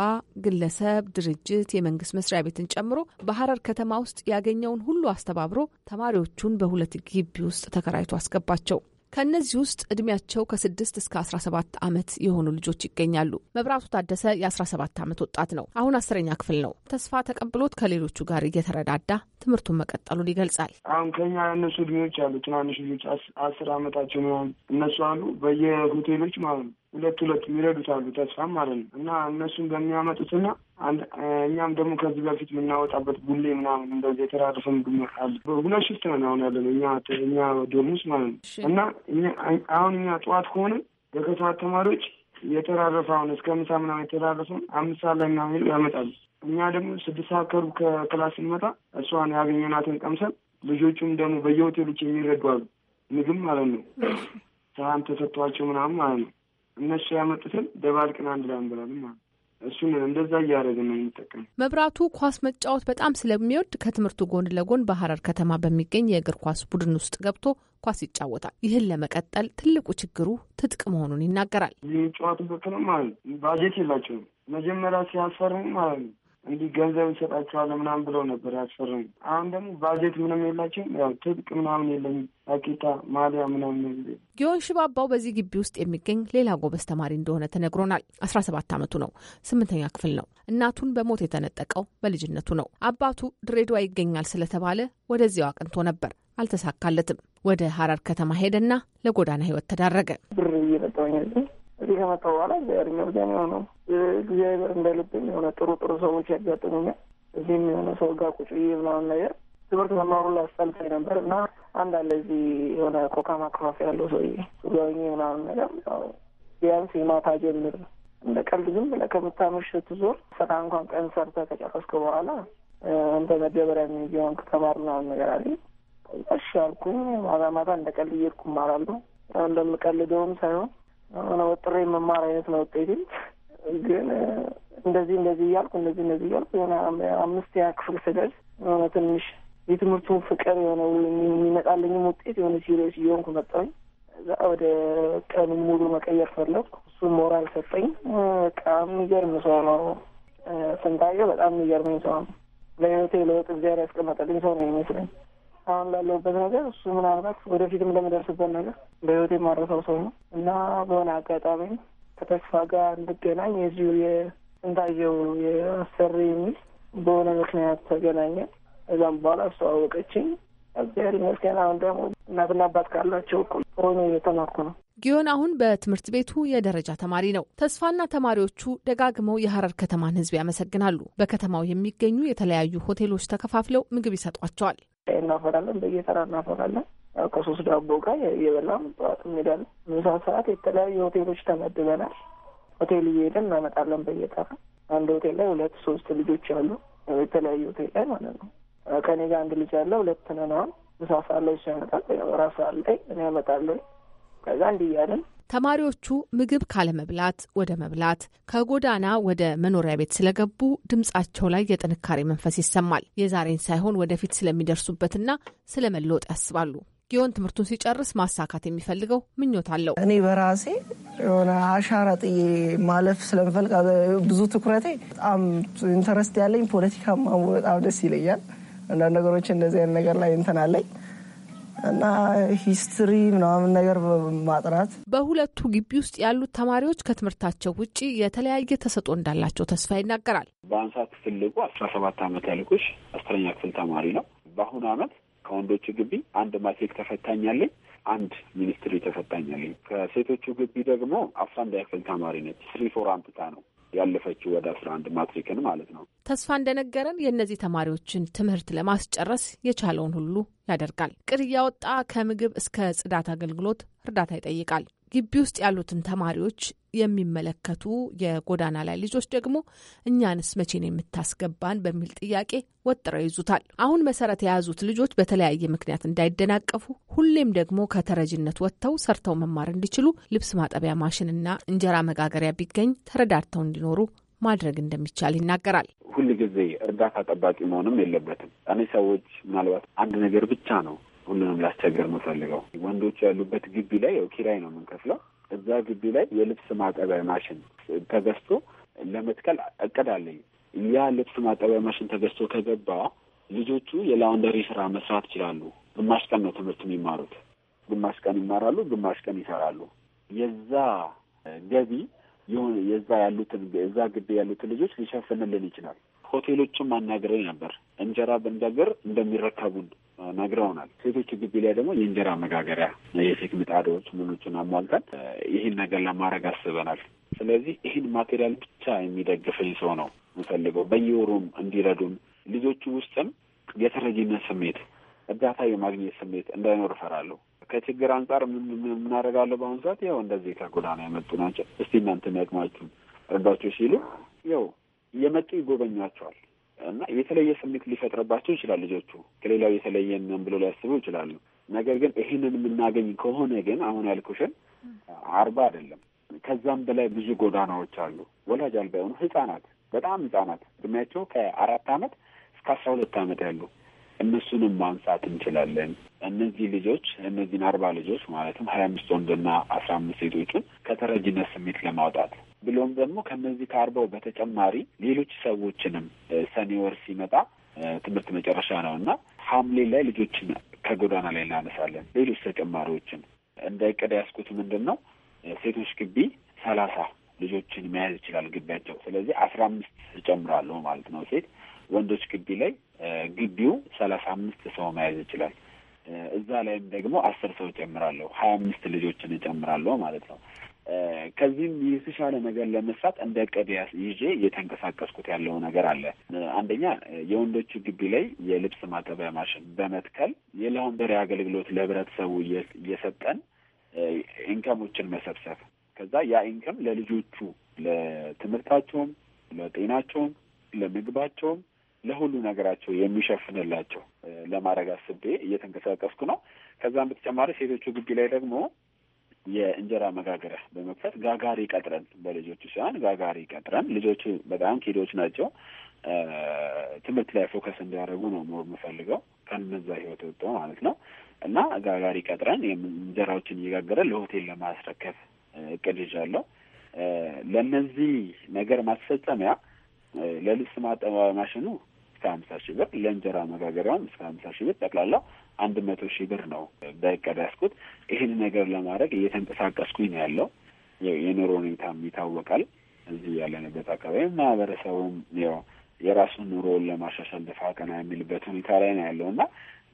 ግለሰብ፣ ድርጅት፣ የመንግስት መስሪያ ቤትን ጨምሮ በሐረር ከተማ ውስጥ ያገኘውን ሁሉ አስተባብሮ ተማሪዎቹን በሁለት ግቢ ውስጥ ተከራይቶ አስገባቸው። ከእነዚህ ውስጥ እድሜያቸው ከስድስት እስከ 17 ዓመት የሆኑ ልጆች ይገኛሉ። መብራቱ ታደሰ የ17 ዓመት ወጣት ነው። አሁን አስረኛ ክፍል ነው። ተስፋ ተቀብሎት ከሌሎቹ ጋር እየተረዳዳ ትምህርቱን መቀጠሉን ይገልጻል። አሁን ከኛ እነሱ እድሜዎች አሉ። ትናንሽ ልጆች አስር ዓመታቸው ምናምን እነሱ አሉ በየሆቴሎች ማለት ነው ሁለት ሁለት የሚረዱት አሉ ተስፋም ማለት ነው እና እነሱን በሚያመጡትና እኛም ደግሞ ከዚህ በፊት የምናወጣበት ቡሌ ምናምን እንደዚህ የተራረፈ ምግብ አለ። ሁለት ሽፍት ነን አሁን ያለ ነው እኛ ዶርም ማለት ነው እና አሁን እኛ ጠዋት ከሆነ የከሰዓት ተማሪዎች የተራረፈ አሁን እስከ ምሳ ምናምን የተራረፈውን አምስት ሰዓት ላይ ምናምን ያመጣሉ። እኛ ደግሞ ስድስት ሰዓት ከሩብ ከክላስ ስንመጣ እሷን ያገኘናትን ቀምሰን ልጆቹም ደግሞ በየሆቴሎች የሚረዱ አሉ ምግብ ማለት ነው ሰሀን ተሰጥቷቸው ምናምን ማለት ነው እነሱ ያመጡትን ደባልቅን አንድ ላይ እንበላለን ማለት እሱን እንደዛ እያደረግን ነው የሚጠቀም። መብራቱ ኳስ መጫወት በጣም ስለሚወድ ከትምህርቱ ጎን ለጎን በሀረር ከተማ በሚገኝ የእግር ኳስ ቡድን ውስጥ ገብቶ ኳስ ይጫወታል። ይህን ለመቀጠል ትልቁ ችግሩ ትጥቅ መሆኑን ይናገራል። የሚጫወቱበት ነው ማለት ባጀት የላቸውም መጀመሪያ ሲያስፈርሙ ማለት ነው እንዲህ ገንዘብ ይሰጣቸዋል ምናምን ብለው ነበር ያስፈርም። አሁን ደግሞ ባጀት ምንም የላቸውም። ያው ትጥቅ ምናምን የለም፣ አቂታ ማሊያ ምናምን። ጊዮን ሽባባው በዚህ ግቢ ውስጥ የሚገኝ ሌላ ጎበዝ ተማሪ እንደሆነ ተነግሮናል። አስራ ሰባት አመቱ ነው። ስምንተኛ ክፍል ነው። እናቱን በሞት የተነጠቀው በልጅነቱ ነው። አባቱ ድሬዳዋ ይገኛል ስለተባለ ወደዚያው አቅንቶ ነበር፣ አልተሳካለትም። ወደ ሀረር ከተማ ሄደና ለጎዳና ህይወት ተዳረገ። ብር እየጠጣሁ እንግዲህ ከመጣሁ በኋላ እግዚአብሔር ይመስገን የሆነ እግዚአብሔር እንደልብኝ የሆነ ጥሩ ጥሩ ሰዎች ያጋጥሙኛል። እዚህም የሆነ ሰው ጋር ቁጭ ብዬ ምናምን ነገር ትምህርት መማሩ ላስጠልተኝ ነበር እና አንድ አለ እዚህ የሆነ ኮካማ አካባፊ ያለው ሰውዬ ሱጋኝ ምናምን ነገር ቢያንስ የማታ ጀምር እንደ ቀልድ ዝም ብለህ ከምታመሽ ስትዞር ስራ እንኳን ቀን ሰርተህ ከጨረስክ በኋላ እንደ መደበሪያ የሚሆን ከተማር ምናምን ነገር አለ። እሺ አልኩኝ። ማታ ማታ እንደ ቀልድ እየሄድኩ እማራለሁ። እንደምቀልደውም ሳይሆን ሆነ ወጥሬ መማር አይነት ነው ውጤቴ። ግን እንደዚህ እንደዚህ እያልኩ እንደዚህ እንደዚህ እያልኩ የሆነ አምስተኛ ክፍል ስደርስ የሆነ ትንሽ የትምህርቱን ፍቅር የሆነ የሚመጣልኝም ውጤት የሆነ ሲሪየስ እየሆንኩ መጣሁኝ። እዛ ወደ ቀኑ ሙሉ መቀየር ፈለኩ። እሱ ሞራል ሰጠኝ። በቃ የሚገርም ሰው ነው ስንታየው፣ በጣም የሚገርመኝ ሰው ነው። ለህይወቴ ለውጥ እግዚአብሔር ያስቀመጠልኝ ሰው ነው ይመስለኝ። አሁን ላለሁበት ነገር እሱ ምናልባት ወደፊትም ለምደርስበት ነገር በህይወት የማረሰው ሰው ነው እና በሆነ አጋጣሚ ከተስፋ ጋር እንድገናኝ የዚሁ የጥንታየው የአሰሪ የሚል በሆነ ምክንያት ተገናኘ። እዛም በኋላ አስተዋወቀችኝ። እግዚአብሔር ይመስገን። አሁን ደግሞ እናትና አባት ካላቸው ሆኖ እየተማርኩ ነው። ጊዮን አሁን በትምህርት ቤቱ የደረጃ ተማሪ ነው። ተስፋና ተማሪዎቹ ደጋግመው የሀረር ከተማን ህዝብ ያመሰግናሉ። በከተማው የሚገኙ የተለያዩ ሆቴሎች ተከፋፍለው ምግብ ይሰጧቸዋል። እናፈራለን። በየተራ እናፈራለን። ከሶስት ዳቦ ጋር የበላም ጠዋት እንሄዳለን። ምሳ ሰዓት የተለያዩ ሆቴሎች ተመድበናል። ሆቴል እየሄደን እናመጣለን በየተራ አንድ ሆቴል ላይ ሁለት ሶስት ልጆች አሉ። የተለያዩ ሆቴል ላይ ማለት ነው። ከኔ ጋር አንድ ልጅ አለ። ሁለት ነን አሁን ምሳ ሰዓት ላይ እሱ ያመጣል። ራት ሰዓት ላይ እኔ ያመጣለን። ከዛ እንዲህ እያለን ተማሪዎቹ ምግብ ካለመብላት ወደ መብላት ከጎዳና ወደ መኖሪያ ቤት ስለገቡ ድምጻቸው ላይ የጥንካሬ መንፈስ ይሰማል። የዛሬን ሳይሆን ወደፊት ስለሚደርሱበትና ስለ መለወጥ ያስባሉ። ጊዮን ትምህርቱን ሲጨርስ ማሳካት የሚፈልገው ምኞት አለው። እኔ በራሴ የሆነ አሻራ ጥዬ ማለፍ ስለምፈልግ ብዙ ትኩረቴ በጣም ኢንተረስት ያለኝ ፖለቲካ በጣም ደስ ይለኛል። አንዳንድ ነገሮች እንደዚህ አይነት ነገር ላይ እንትን አለኝ እና ሂስትሪ ምናምን ነገር ማጥናት። በሁለቱ ግቢ ውስጥ ያሉት ተማሪዎች ከትምህርታቸው ውጭ የተለያየ ተሰጦ እንዳላቸው ተስፋ ይናገራል። በአንሳ ክፍል ልቁ አስራ ሰባት አመት ያልቁሽ አስረኛ ክፍል ተማሪ ነው። በአሁኑ አመት ከወንዶቹ ግቢ አንድ ማትሪክ ተፈታኛለኝ፣ አንድ ሚኒስትሪ ተፈታኛለኝ። ከሴቶቹ ግቢ ደግሞ አስራ አንድ ክፍል ተማሪ ነች። ስሪ ፎር አምጥታ ነው ያለፈችው ወደ አስራ አንድ ማትሪክን ማለት ነው። ተስፋ እንደነገረን የእነዚህ ተማሪዎችን ትምህርት ለማስጨረስ የቻለውን ሁሉ ያደርጋል። ቅር እያወጣ ከምግብ እስከ ጽዳት አገልግሎት እርዳታ ይጠይቃል። ግቢ ውስጥ ያሉትን ተማሪዎች የሚመለከቱ የጎዳና ላይ ልጆች ደግሞ እኛንስ መቼን የምታስገባን በሚል ጥያቄ ወጥረው ይዙታል። አሁን መሰረት የያዙት ልጆች በተለያየ ምክንያት እንዳይደናቀፉ፣ ሁሌም ደግሞ ከተረጅነት ወጥተው ሰርተው መማር እንዲችሉ ልብስ ማጠቢያ ማሽንና እንጀራ መጋገሪያ ቢገኝ ተረዳድተው እንዲኖሩ ማድረግ እንደሚቻል ይናገራል። ሁል ጊዜ እርዳታ ጠባቂ መሆንም የለበትም። እኔ ሰዎች ምናልባት አንድ ነገር ብቻ ነው ሁሉንም ላስቸገር የምፈልገው። ወንዶች ያሉበት ግቢ ላይ ያው ኪራይ ነው የምንከፍለው። እዛ ግቢ ላይ የልብስ ማጠቢያ ማሽን ተገዝቶ ለመትከል እቅድ አለኝ። ያ ልብስ ማጠቢያ ማሽን ተገዝቶ ከገባ ልጆቹ የላውንደሪ ስራ መስራት ይችላሉ። ግማሽ ቀን ነው ትምህርት የሚማሩት፣ ግማሽ ቀን ይማራሉ፣ ግማሽ ቀን ይሰራሉ። የዛ ገቢ የሆነ የዛ ያሉትን እዛ ግቢ ያሉትን ልጆች ሊሸፍንልን ይችላል። ሆቴሎችም አናግረኝ ነበር እንጀራ ብንደግር እንደሚረከቡን ነግረውናል። ሴቶች ግቢ ላይ ደግሞ የእንጀራ መጋገሪያ የሴት ምጣዶች ምኖችን አሟልተን ይህን ነገር ለማድረግ አስበናል። ስለዚህ ይህን ማቴሪያል ብቻ የሚደግፈኝ ሰው ነው የምፈልገው። በየወሩም እንዲረዱን ልጆቹ ውስጥም የተረጂነት ስሜት እርዳታ የማግኘት ስሜት እንዳይኖር እፈራለሁ። ከችግር አንጻር የምናደርጋለሁ በአሁኑ ሰዓት ያው እንደዚህ ከጎዳና የመጡ ናቸው። እስቲ እናንተ የሚያቅማችሁ እርዳችሁ ሲሉ ያው የመጡ ይጎበኟቸዋል። እና የተለየ ስሜት ሊፈጥርባቸው ይችላል። ልጆቹ ከሌላው የተለየ ነን ብሎ ሊያስቡ ይችላሉ። ነገር ግን ይህንን የምናገኝ ከሆነ ግን አሁን ያልኩሽን አርባ አይደለም ከዛም በላይ ብዙ ጎዳናዎች አሉ። ወላጅ አልባ የሆኑ ህጻናት፣ በጣም ህጻናት እድሜያቸው ከአራት አመት እስከ አስራ ሁለት አመት ያሉ እነሱንም ማንሳት እንችላለን። እነዚህ ልጆች እነዚህን አርባ ልጆች ማለትም ሀያ አምስት ወንድና አስራ አምስት ሴቶችን ከተረጅነት ስሜት ለማውጣት ብሎም ደግሞ ከነዚህ ከአርባው በተጨማሪ ሌሎች ሰዎችንም ሰኔ ወር ሲመጣ ትምህርት መጨረሻ ነው እና ሐምሌ ላይ ልጆችን ከጎዳና ላይ እናነሳለን። ሌሎች ተጨማሪዎችን እንደ እቅድ ያስኩት ምንድን ነው ሴቶች ግቢ ሰላሳ ልጆችን መያዝ ይችላል ግቢያቸው። ስለዚህ አስራ አምስት እጨምራለሁ ማለት ነው ሴት ወንዶች ግቢ ላይ ግቢው ሰላሳ አምስት ሰው መያዝ ይችላል። እዛ ላይም ደግሞ አስር ሰው እጨምራለሁ፣ ሀያ አምስት ልጆችን እጨምራለሁ ማለት ነው። ከዚህም የተሻለ ነገር ለመስራት እንደ ዕቅድ ይዤ እየተንቀሳቀስኩት ያለው ነገር አለ። አንደኛ የወንዶቹ ግቢ ላይ የልብስ ማጠቢያ ማሽን በመትከል የላውንደሪ አገልግሎት ለህብረተሰቡ እየሰጠን ኢንከሞችን መሰብሰብ ከዛ ያ ኢንከም ለልጆቹ ለትምህርታቸውም፣ ለጤናቸውም፣ ለምግባቸውም ለሁሉ ነገራቸው የሚሸፍንላቸው ለማድረግ አስቤ እየተንቀሳቀስኩ ነው። ከዛም በተጨማሪ ሴቶቹ ግቢ ላይ ደግሞ የእንጀራ መጋገሪያ በመክፈት ጋጋሪ ቀጥረን በልጆቹ ሳይሆን ጋጋሪ ቀጥረን ልጆቹ በጣም ኪዶች ናቸው። ትምህርት ላይ ፎከስ እንዲያደርጉ ነው ሞር የምፈልገው ከነዛ ህይወት ወጥቶ ማለት ነው። እና ጋጋሪ ቀጥረን እንጀራዎችን እየጋገረን ለሆቴል ለማስረከብ እቅድ ይዣለሁ። ለእነዚህ ነገር ማስፈጸሚያ ለልብስ ማጠቢያ ማሽኑ እስከ ሀምሳ ሺህ ብር ለእንጀራ መጋገሪያውም እስከ ሀምሳ ሺህ ብር ጠቅላላ አንድ መቶ ሺህ ብር ነው በእቅድ ያስኩት። ይህን ነገር ለማድረግ እየተንቀሳቀስኩኝ ነው ያለው። የኑሮ ሁኔታም ይታወቃል። እዚህ ያለንበት አካባቢ ማህበረሰቡም ያው የራሱን ኑሮውን ለማሻሻል ደፋ ቀና የሚልበት ሁኔታ ላይ ነው ያለው እና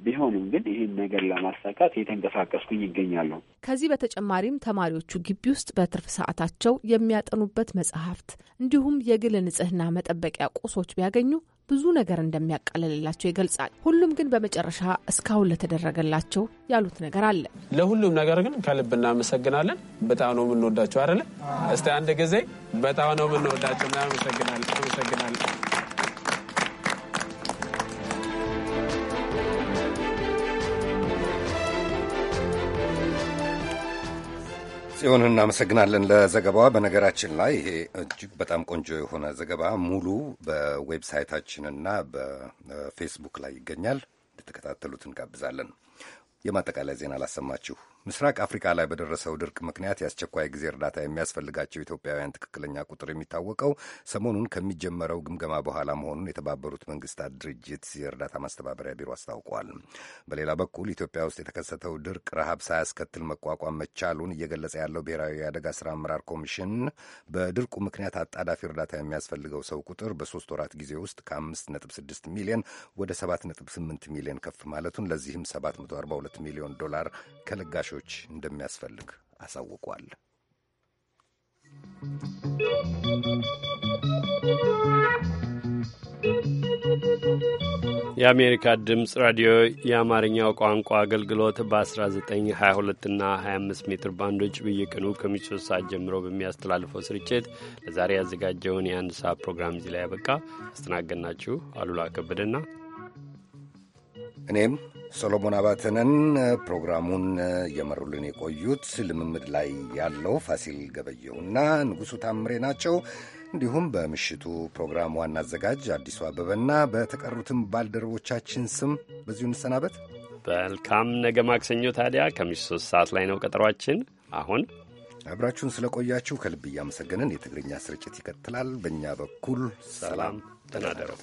ቢሆንም ግን ይህን ነገር ለማሳካት የተንቀሳቀስኩኝ ይገኛሉ። ከዚህ በተጨማሪም ተማሪዎቹ ግቢ ውስጥ በትርፍ ሰዓታቸው የሚያጠኑበት መጽሐፍት እንዲሁም የግል ንጽህና መጠበቂያ ቁሶች ቢያገኙ ብዙ ነገር እንደሚያቃለልላቸው ይገልጻል። ሁሉም ግን በመጨረሻ እስካሁን ለተደረገላቸው ያሉት ነገር አለ። ለሁሉም ነገር ግን ከልብ እናመሰግናለን። በጣም ነው የምንወዳቸው አይደለ? እስቲ አንድ ጊዜ በጣም ነው የምንወዳቸው። እናመሰግናለን። ጽዮን እናመሰግናለን ለዘገባዋ። በነገራችን ላይ ይሄ እጅግ በጣም ቆንጆ የሆነ ዘገባ ሙሉ በዌብሳይታችንና በፌስቡክ ላይ ይገኛል። እንድትከታተሉት እንጋብዛለን። የማጠቃለያ ዜና አላሰማችሁ። ምስራቅ አፍሪካ ላይ በደረሰው ድርቅ ምክንያት የአስቸኳይ ጊዜ እርዳታ የሚያስፈልጋቸው ኢትዮጵያውያን ትክክለኛ ቁጥር የሚታወቀው ሰሞኑን ከሚጀመረው ግምገማ በኋላ መሆኑን የተባበሩት መንግስታት ድርጅት የእርዳታ ማስተባበሪያ ቢሮ አስታውቋል። በሌላ በኩል ኢትዮጵያ ውስጥ የተከሰተው ድርቅ ረሃብ ሳያስከትል መቋቋም መቻሉን እየገለጸ ያለው ብሔራዊ የአደጋ ስራ አመራር ኮሚሽን በድርቁ ምክንያት አጣዳፊ እርዳታ የሚያስፈልገው ሰው ቁጥር በሶስት ወራት ጊዜ ውስጥ ከ5.6 ሚሊዮን ወደ 7.8 ሚሊዮን ከፍ ማለቱን ለዚህም 742 ሚሊዮን ዶላር ከለጋሾ ተመልካቾች እንደሚያስፈልግ አሳውቋል። የአሜሪካ ድምፅ ራዲዮ የአማርኛው ቋንቋ አገልግሎት በ1922 እና 25 ሜትር ባንዶች በየቀኑ ከምሽቱ ሶስት ሰዓት ጀምሮ በሚያስተላልፈው ስርጭት ለዛሬ ያዘጋጀውን የአንድ ሰዓት ፕሮግራም እዚህ ላይ ያበቃ። አስተናገድናችሁ አሉላ ከበደና እኔም ሰሎሞን አባተንን ፕሮግራሙን እየመሩልን የቆዩት ልምምድ ላይ ያለው ፋሲል ገበየውና ንጉሡ ታምሬ ናቸው። እንዲሁም በምሽቱ ፕሮግራም ዋና አዘጋጅ አዲሱ አበበና በተቀሩትም ባልደረቦቻችን ስም በዚሁ እንሰናበት። በልካም ነገ ማክሰኞ ታዲያ ከምሽቱ ሶስት ሰዓት ላይ ነው ቀጠሯችን። አሁን አብራችሁን ስለቆያችሁ ከልብ እያመሰገንን የትግርኛ ስርጭት ይቀጥላል። በእኛ በኩል ሰላም ተናደረቡ።